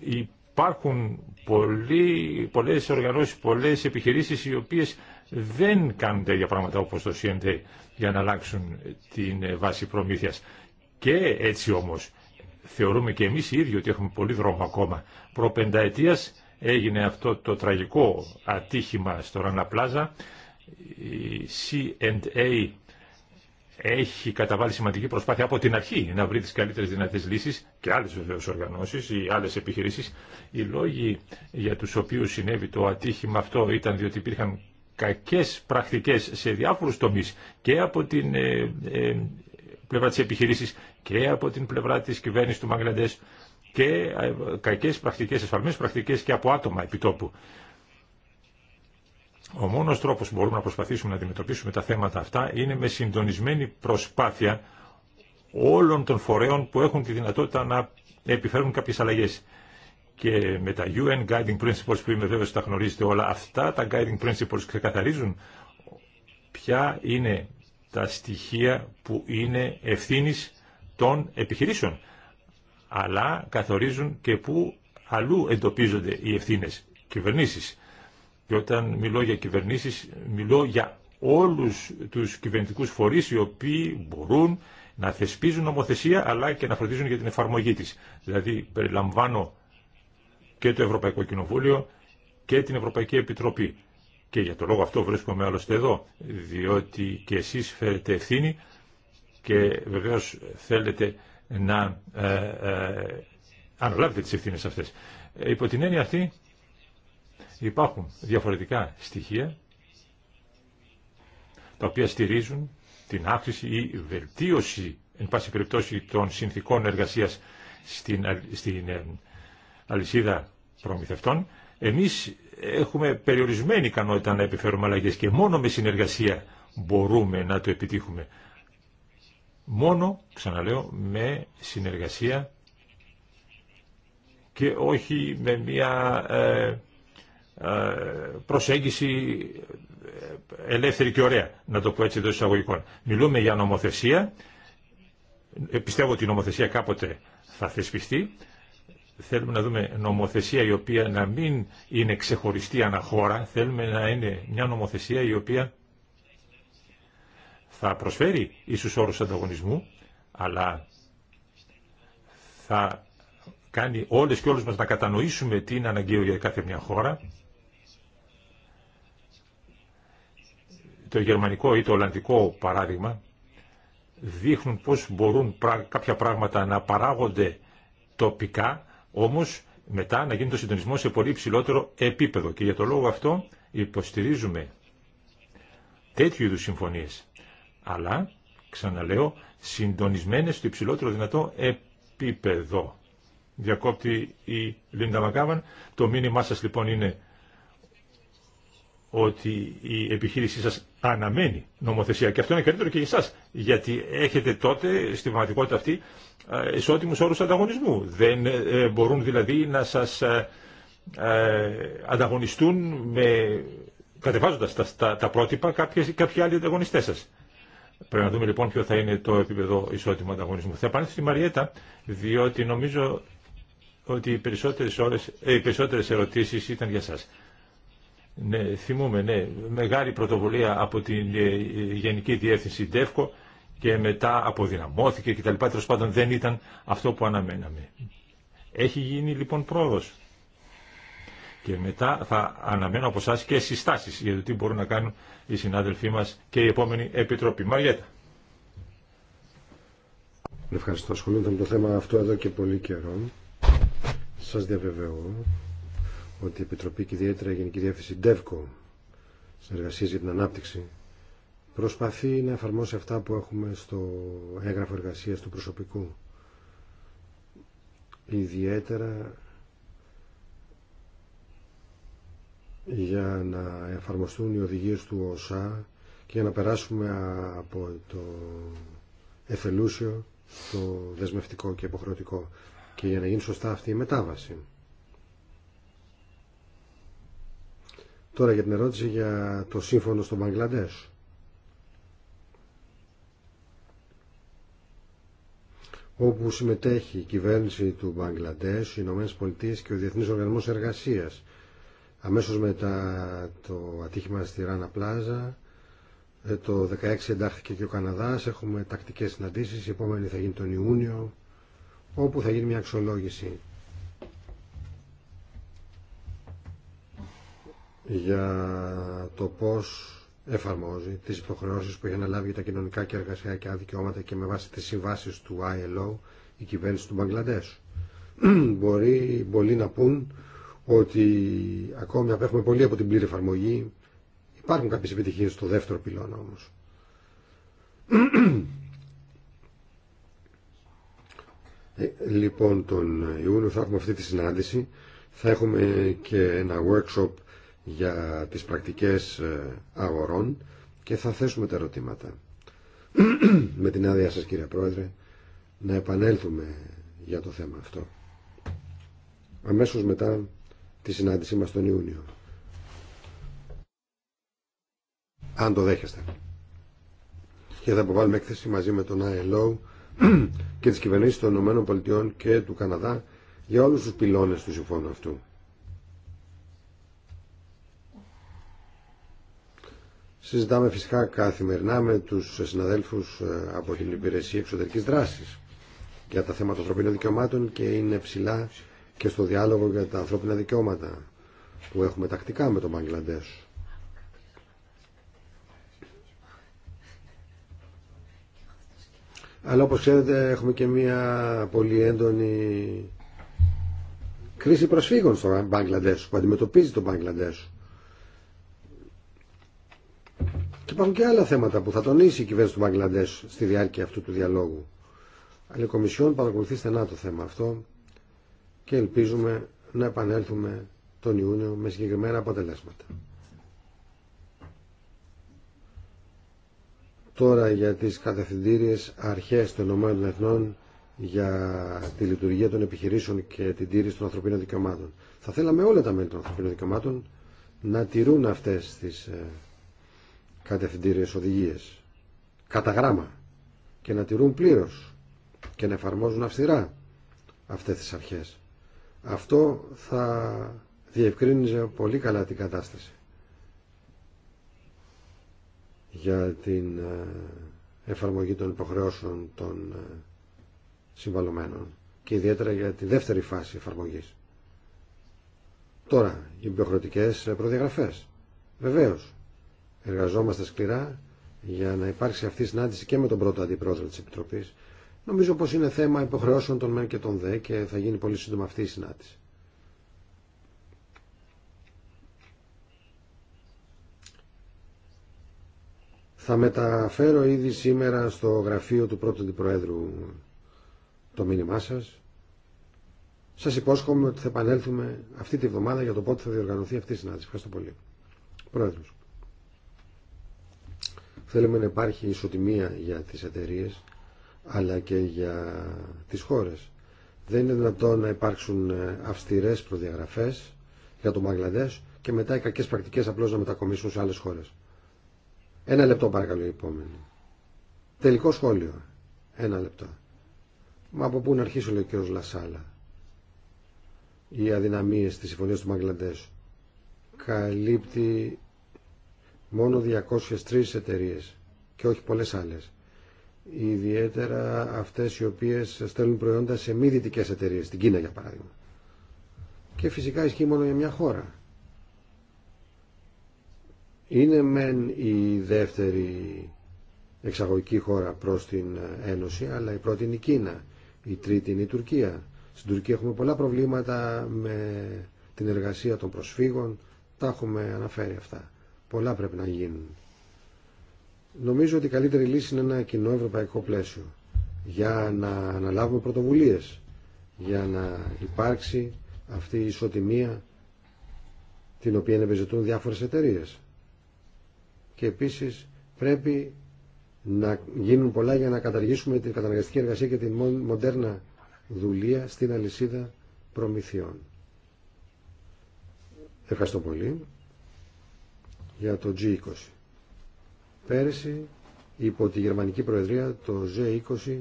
Speaker 4: Υπάρχουν πολλοί, πολλές οργανώσεις, πολλές επιχειρήσεις οι οποίες δεν κάνουν τέτοια πράγματα όπως το CNT για να αλλάξουν την ε, βάση προμήθειας. Και έτσι όμως θεωρούμε και εμείς οι ίδιοι ότι έχουμε πολύ δρόμο ακόμα. Προπενταετίας έγινε αυτό το τραγικό ατύχημα στο Ραναπλάζα. Η C&A έχει καταβάλει σημαντική προσπάθεια από την αρχή να βρει τι καλύτερε δυνατές λύσεις και άλλες βεβαίω οργανώσεις ή άλλες επιχειρήσεις. Οι λόγοι για τους οποίους συνέβη το ατύχημα αυτό ήταν διότι υπήρχαν κακές πρακτικές σε διάφορους τομείς και από την ε, ε, πλευρά της επιχειρήσης και από την πλευρά της κυβέρνηση του Μαγκλαντές και ε, κακέ πρακτικέ, ασφαλμένε πρακτικέ και από άτομα επιτόπου. Ο μόνος τρόπος που μπορούμε να προσπαθήσουμε να αντιμετωπίσουμε τα θέματα αυτά είναι με συντονισμένη προσπάθεια όλων των φορέων που έχουν τη δυνατότητα να επιφέρουν κάποιες αλλαγές. Και με τα UN Guiding Principles που είμαι βέβαιο ότι τα γνωρίζετε όλα, αυτά τα Guiding Principles ξεκαθαρίζουν ποια είναι τα στοιχεία που είναι ευθύνης των επιχειρήσεων. Αλλά καθορίζουν και πού αλλού εντοπίζονται οι ευθύνε κυβερνήσει. Και όταν μιλώ για κυβερνήσεις, μιλώ για όλους τους κυβερνητικού φορείς οι οποίοι μπορούν να θεσπίζουν νομοθεσία αλλά και να φροντίζουν για την εφαρμογή της. Δηλαδή περιλαμβάνω και το Ευρωπαϊκό Κοινοβούλιο και την Ευρωπαϊκή Επιτροπή. Και για το λόγο αυτό βρίσκομαι άλλωστε εδώ, διότι και εσείς φέρετε ευθύνη και βεβαίω θέλετε να ε, ε, αναλάβετε τι ευθύνε αυτές. Ε, υπό την έννοια αυτή Υπάρχουν διαφορετικά στοιχεία τα οποία στηρίζουν την αύξηση ή βελτίωση, εν πάση περιπτώσει, των συνθήκων εργασίας στην, στην ε, αλυσίδα προμηθευτών. Εμείς έχουμε περιορισμένη ικανότητα να επιφέρουμε αλλαγέ και μόνο με συνεργασία μπορούμε να το επιτύχουμε. Μόνο, ξαναλέω, με συνεργασία και όχι με μια ε, ε, προσέγγιση ε, ελεύθερη και ωραία, να το πω έτσι εντό εισαγωγικών. Μιλούμε για νομοθεσία. Ε, πιστεύω ότι η νομοθεσία κάποτε θα θεσπιστεί. Θέλουμε να δούμε νομοθεσία η οποία να μην είναι ξεχωριστή αναχώρα. Θέλουμε να είναι μια νομοθεσία η οποία θα προσφέρει ίσους όρους ανταγωνισμού, αλλά θα κάνει όλες και όλους μας να κατανοήσουμε τι είναι αναγκαίο για κάθε μια χώρα το γερμανικό ή το ολλανδικό παράδειγμα δείχνουν πώς μπορούν κάποια πράγματα να παράγονται τοπικά, όμως μετά να γίνει το συντονισμό σε πολύ υψηλότερο επίπεδο. Και για το λόγο αυτό υποστηρίζουμε τέτοιου είδους συμφωνίες. Αλλά, ξαναλέω, συντονισμένες στο υψηλότερο δυνατό επίπεδο. Διακόπτη η Λίντα Μακάβαν. Το μήνυμά σας λοιπόν είναι ότι η επιχείρησή σας αναμένει νομοθεσία. Και αυτό είναι καλύτερο και για εσάς, γιατί έχετε τότε στην πραγματικότητα αυτή ε, ισότιμους όρους ανταγωνισμού. Δεν ε, μπορούν δηλαδή να σας ε, ανταγωνιστούν με, κατεβάζοντας τα, τα, πρότυπα κάποιες, κάποιοι άλλοι ανταγωνιστές σας. Πρέπει να δούμε λοιπόν ποιο θα είναι το επίπεδο ισότιμου ανταγωνισμού. Θα επανέλθω στη Μαριέτα, διότι νομίζω ότι οι περισσότερες, ώρες, περισσότερες ερωτήσεις ήταν για σας. Ναι, θυμούμε, ναι, μεγάλη πρωτοβουλία από τη ε, Γενική Διεύθυνση ΤΕΦΚΟ και μετά αποδυναμώθηκε κτλ. Τέλο πάντων δεν ήταν αυτό που αναμέναμε. Έχει γίνει λοιπόν πρόοδος. Και μετά θα αναμένω από εσά και συστάσεις για το τι μπορούν να κάνουν οι συνάδελφοί μας και η επόμενη Επιτροπή. Μαριέτα.
Speaker 3: Ευχαριστώ. Ασχολούνται με το θέμα αυτό εδώ και πολύ καιρό. Σας διαβεβαιώ ότι η Επιτροπή και ιδιαίτερα η Γενική Διεύθυνση ΔΕΒΚΟ συνεργασίες για την ανάπτυξη προσπαθεί να εφαρμόσει αυτά που έχουμε στο έγγραφο εργασίας του προσωπικού ιδιαίτερα για να εφαρμοστούν οι οδηγίες του ΟΣΑ και για να περάσουμε από το εθελούσιο το δεσμευτικό και υποχρεωτικό και για να γίνει σωστά αυτή η μετάβαση. Τώρα για την ερώτηση για το σύμφωνο στο Μπαγκλαντές. όπου συμμετέχει η κυβέρνηση του Μπαγκλαντές, οι Ηνωμένες Πολιτείες και ο Διεθνής Οργανισμός Εργασίας. Αμέσως μετά το ατύχημα στη Ράνα Πλάζα, ε, το 2016 εντάχθηκε και ο Καναδάς, έχουμε τακτικές συναντήσεις, η επόμενη θα γίνει τον Ιούνιο, όπου θα γίνει μια αξιολόγηση για το πώς εφαρμόζει τις υποχρεώσεις που έχει αναλάβει για τα κοινωνικά και εργασιακά δικαιώματα και με βάση τις συμβάσεις του ILO η κυβέρνηση του Μπαγκλαντές. Μπορεί πολλοί να πούν ότι ακόμη απέχουμε πολύ από την πλήρη εφαρμογή. Υπάρχουν κάποιες επιτυχίες στο δεύτερο πυλώνα όμως. Ε, λοιπόν, τον Ιούνιο θα έχουμε αυτή τη συνάντηση. Θα έχουμε και ένα workshop για τις πρακτικές ε, αγορών και θα θέσουμε τα ερωτήματα. Με την άδεια σας κύριε Πρόεδρε να επανέλθουμε για το θέμα αυτό. Αμέσως μετά τη συνάντησή μας τον Ιούνιο. Αν το δέχεστε. Και θα αποβάλουμε έκθεση μαζί με τον ILO και τις κυβερνήσεις των ΗΠΑ και του Καναδά για όλους τους πυλώνες του συμφώνου αυτού. Συζητάμε φυσικά καθημερινά με τους συναδέλφου ε, από την Υπηρεσία Εξωτερικής Δράσης για τα θέματα ανθρωπίνων δικαιωμάτων και είναι ψηλά και στο διάλογο για τα ανθρώπινα δικαιώματα που έχουμε τακτικά με τον Μπαγκλαντέ. Αλλά όπως ξέρετε έχουμε και μια πολύ έντονη κρίση προσφύγων στο Μπαγκλαντές που αντιμετωπίζει τον Μπαγκλαντές Και υπάρχουν και άλλα θέματα που θα τονίσει η κυβέρνηση του Μπαγκλαντέ στη διάρκεια αυτού του διαλόγου. Αλλά η Κομισιόν παρακολουθεί στενά το θέμα αυτό και ελπίζουμε να επανέλθουμε τον Ιούνιο με συγκεκριμένα αποτελέσματα. Τώρα για τις κατευθυντήριες αρχές των ΟΕΕ για τη λειτουργία των επιχειρήσεων και την τήρηση των ανθρωπίνων δικαιωμάτων. Θα θέλαμε όλα τα μέλη των ανθρωπίνων δικαιωμάτων να τηρούν αυτές τις ε, κατευθυντήριες οδηγίες κατά γράμμα και να τηρούν πλήρως και να εφαρμόζουν αυστηρά αυτές τις αρχές. Αυτό θα διευκρίνιζε πολύ καλά την κατάσταση για την ε, εφαρμογή των υποχρεώσεων των ε, συμβαλωμένων και ιδιαίτερα για τη δεύτερη φάση εφαρμογής. Τώρα, οι υποχρεωτικές προδιαγραφές. Βεβαίως, Εργαζόμαστε σκληρά για να υπάρξει αυτή η συνάντηση και με τον πρώτο αντιπρόεδρο της Επιτροπής. Νομίζω πως είναι θέμα υποχρεώσεων των ΜΕΝ και των ΔΕ και θα γίνει πολύ σύντομα αυτή η συνάντηση. Θα μεταφέρω ήδη σήμερα στο γραφείο του πρώτου αντιπροέδρου το μήνυμά σας. Σας υπόσχομαι ότι θα επανέλθουμε αυτή τη βδομάδα για το πότε θα διοργανωθεί αυτή η συνάντηση. Ευχαριστώ πολύ. Πρόεδρος. Θέλουμε να υπάρχει ισοτιμία για τις εταιρείε αλλά και για τις χώρες. Δεν είναι δυνατόν να υπάρξουν ε, αυστηρές προδιαγραφές για το Μαγκλαντές και μετά οι κακές πρακτικές απλώς να μετακομίσουν σε άλλες χώρες. Ένα λεπτό παρακαλώ η επόμενη. Τελικό σχόλιο. Ένα λεπτό. Μα από πού να αρχίσω λέει ο κ. Λασάλα. Οι αδυναμίες της συμφωνίας του Μαγκλαντές καλύπτει μόνο 203 εταιρείε και όχι πολλές άλλες. Ιδιαίτερα αυτές οι οποίες στέλνουν προϊόντα σε μη δυτικέ εταιρείε, στην Κίνα για παράδειγμα. Και φυσικά ισχύει μόνο για μια χώρα. Είναι μεν η δεύτερη εξαγωγική χώρα προς την Ένωση, αλλά η πρώτη είναι η Κίνα, η τρίτη είναι η Τουρκία. Στην Τουρκία έχουμε πολλά προβλήματα με την εργασία των προσφύγων, τα έχουμε αναφέρει αυτά. Πολλά πρέπει να γίνουν. Νομίζω ότι η καλύτερη λύση είναι ένα κοινό ευρωπαϊκό πλαίσιο για να αναλάβουμε πρωτοβουλίες, για να υπάρξει αυτή η ισοτιμία την οποία επιζητούν διάφορες εταιρείε. Και επίσης πρέπει να γίνουν πολλά για να καταργήσουμε την καταναγκαστική εργασία και την μοντέρνα δουλεία στην αλυσίδα προμηθειών. Ευχαριστώ πολύ για το G20. Πέρυσι, υπό τη Γερμανική Προεδρία, το G20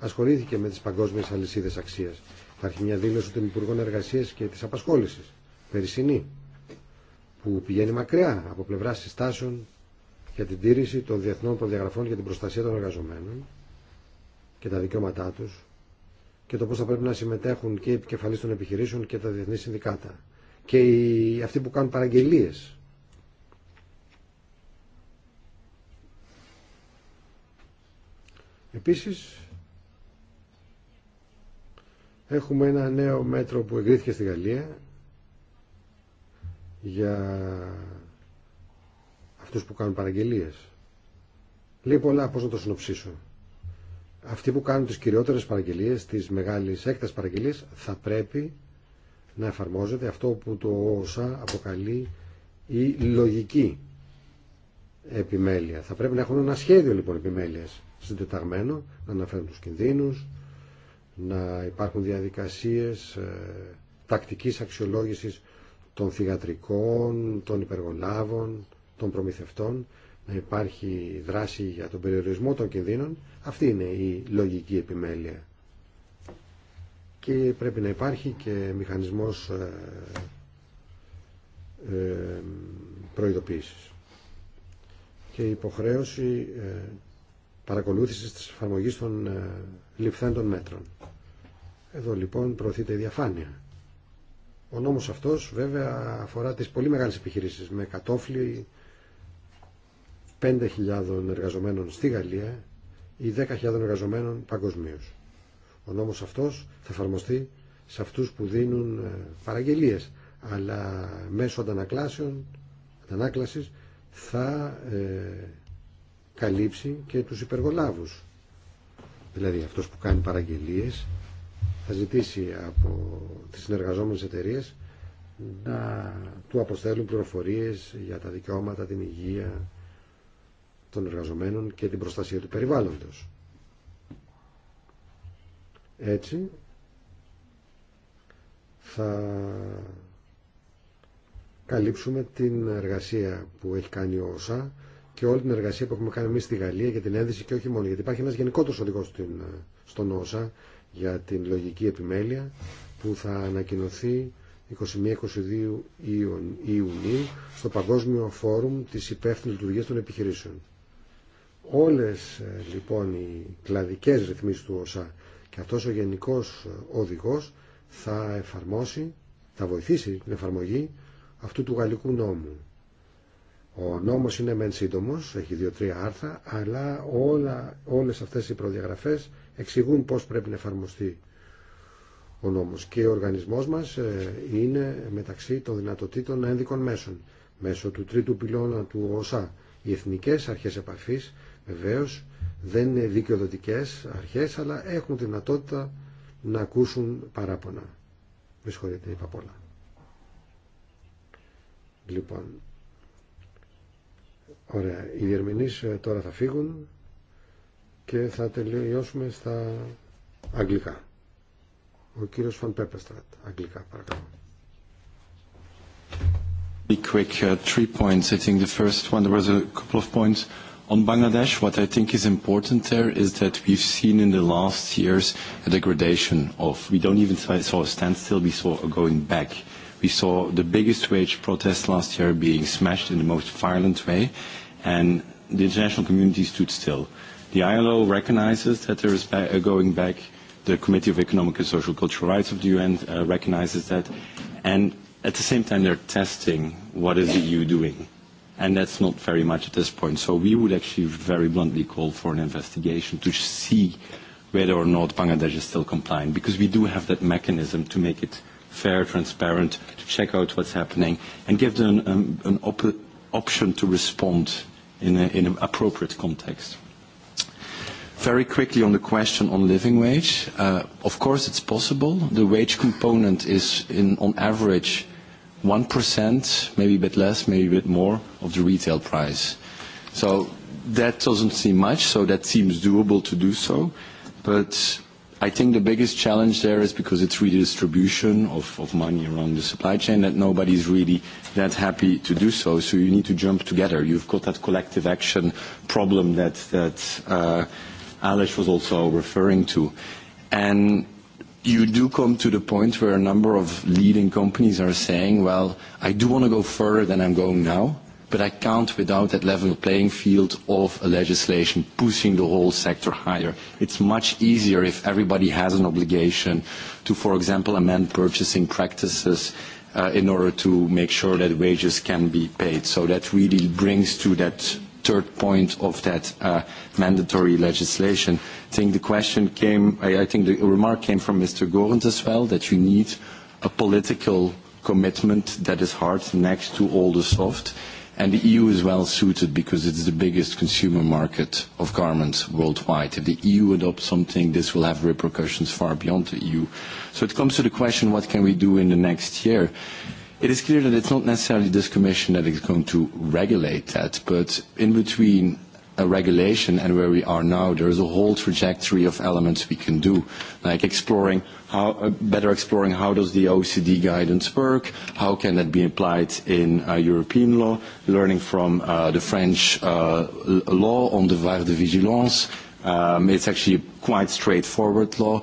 Speaker 3: ασχολήθηκε με τις παγκόσμιες αλυσίδες αξίας. Υπάρχει μια δήλωση των Υπουργών Εργασίας και της Απασχόλησης, περσινή, που πηγαίνει μακριά από πλευρά συστάσεων για την τήρηση των διεθνών προδιαγραφών για την προστασία των εργαζομένων και τα δικαιώματά τους και το πώς θα πρέπει να συμμετέχουν και οι επικεφαλής των επιχειρήσεων και τα διεθνή συνδικάτα και οι, αυτοί που κάνουν παραγγελίες Επίσης, έχουμε ένα νέο μέτρο που εγκρίθηκε στη Γαλλία για αυτούς που κάνουν παραγγελίες. Λέει πολλά, πώς να το συνοψίσω. Αυτοί που κάνουν τις κυριότερες παραγγελίες, τις μεγάλες έκτας παραγγελίες, θα πρέπει να εφαρμόζεται αυτό που το ΩΣΑ αποκαλεί η λογική επιμέλεια. Θα πρέπει να έχουν ένα σχέδιο λοιπόν επιμέλειας συντεταγμένο, να αναφέρουν τους κινδύνους, να υπάρχουν διαδικασίες ε, τακτικής αξιολόγησης των θυγατρικών, των υπεργολάβων, των προμηθευτών, να υπάρχει δράση για τον περιορισμό των κινδύνων. Αυτή είναι η λογική επιμέλεια. Και πρέπει να υπάρχει και μηχανισμός ε, ε προειδοποίησης. Και υποχρέωση ε, παρακολούθησης της εφαρμογή των ε, ληφθέντων μέτρων. Εδώ λοιπόν προωθείται η διαφάνεια. Ο νόμος αυτός βέβαια αφορά τις πολύ μεγάλες επιχειρήσεις με κατόφλι 5.000 εργαζομένων στη Γαλλία ή 10.000 εργαζομένων παγκοσμίω. Ο νόμος αυτός θα εφαρμοστεί σε αυτούς που δίνουν ε, παραγγελίες αλλά μέσω αντανακλάσεων, αντανάκλασης θα ε, καλύψει και τους υπεργολάβους. Δηλαδή αυτός που κάνει παραγγελίες θα ζητήσει από τις συνεργαζόμενες εταιρείε να του αποστέλουν πληροφορίες για τα δικαιώματα, την υγεία των εργαζομένων και την προστασία του περιβάλλοντος. Έτσι θα καλύψουμε την εργασία που έχει κάνει ο ΩΣΑ και όλη την εργασία που έχουμε κάνει εμεί στη Γαλλία για την ένδυση και όχι μόνο. Γιατί υπάρχει ένα γενικότερο οδηγό ε, στον ΩΣΑ για την λογική επιμέλεια που θα ανακοινωθεί 21-22 Ιουνίου στο Παγκόσμιο Φόρουμ της υπεύθυνη λειτουργία των Επιχειρήσεων. Όλες ε, λοιπόν οι κλαδικές ρυθμίσει του ΩΣΑ και αυτός ο γενικό ε, οδηγό, θα εφαρμόσει, θα βοηθήσει την εφαρμογή αυτού του γαλλικού νόμου. Ο νόμος είναι μεν σύντομο, έχει δύο-τρία άρθρα, αλλά όλα, όλες αυτές οι προδιαγραφές εξηγούν πώς πρέπει να εφαρμοστεί ο νόμος. Και ο οργανισμός μας ε, είναι μεταξύ των δυνατοτήτων ένδικων μέσων. Μέσω του τρίτου πυλώνα του ΟΣΑ οι εθνικές αρχές επαφής βεβαίως δεν είναι δικαιοδοτικές αρχές, αλλά έχουν δυνατότητα να ακούσουν παράπονα. Με συγχωρείτε, είπα πολλά. Λοιπόν, Ωραία. Οι διερμηνείς τώρα θα φύγουν και θα τελειώσουμε στα αγγλικά. Ο κύριος Φαν Πέπεστρατ, αγγλικά παρακαλώ.
Speaker 5: Be quick, uh, three points. I think the first one, there was a couple of points on Bangladesh. What I think is important there is that we've seen in the last years a degradation of, we don't even saw a standstill, we saw a going back. We saw the biggest wage protest last year being smashed in the most violent way and the international community stood still. The ILO recognizes that there is going back. The Committee of Economic and Social Cultural Rights of the UN recognizes that. And at the same time, they're testing what is the EU doing. And that's not very much at this point. So we would actually very bluntly call for an investigation to see whether or not Bangladesh is still compliant, because we do have that mechanism to make it fair, transparent, to check out what's happening, and give them an option to respond in an appropriate context. Very quickly on the question on living wage. Of course, it's possible. The wage component is, on average, 1%, maybe a bit less, maybe a bit more, of the retail price. So that doesn't seem much, so that seems doable to do so. But I think the biggest challenge there is because it's redistribution of money around the supply chain that nobody's really that happy to do so. So you need to jump together. You've got that collective action problem that that was also referring to. And you do come to the point where a number of leading companies are saying, well, I do want to go further than I'm going now but I can't without that level playing field of a legislation pushing the whole sector higher. It's much easier if everybody has an obligation to, for example, amend purchasing practices in order to make sure that wages can be paid. So that really brings to that third point of that mandatory legislation. I think the question came, I think the remark came from Mr. Gorent as well, that you need a political commitment that is hard next to all the soft. And the EU is well suited because it's the biggest consumer market of garments worldwide. If the EU adopts something, this will have repercussions far beyond the EU. So it comes to the question, what can we do in the next year? It is clear that it's not necessarily this Commission that is going to regulate that, but in between a regulation and where we are now, there is a whole trajectory of elements we can do, like exploring how, better exploring how does the OECD guidance work, how can that be applied in European law, learning from the French law on devoir de vigilance. It's actually quite straightforward law.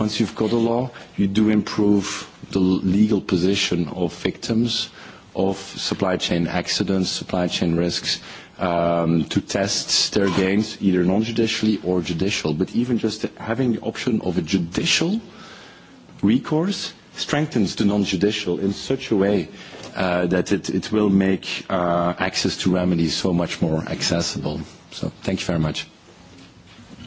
Speaker 5: Once you've got a law, you do improve the legal position of victims of supply chain accidents, supply chain risks, to test their gains either non-judicially or judicial. But even just having the option of a judicial recourse strengthens the non-judicial in such a way that it will make access to remedies so much more accessible. So thank you very much.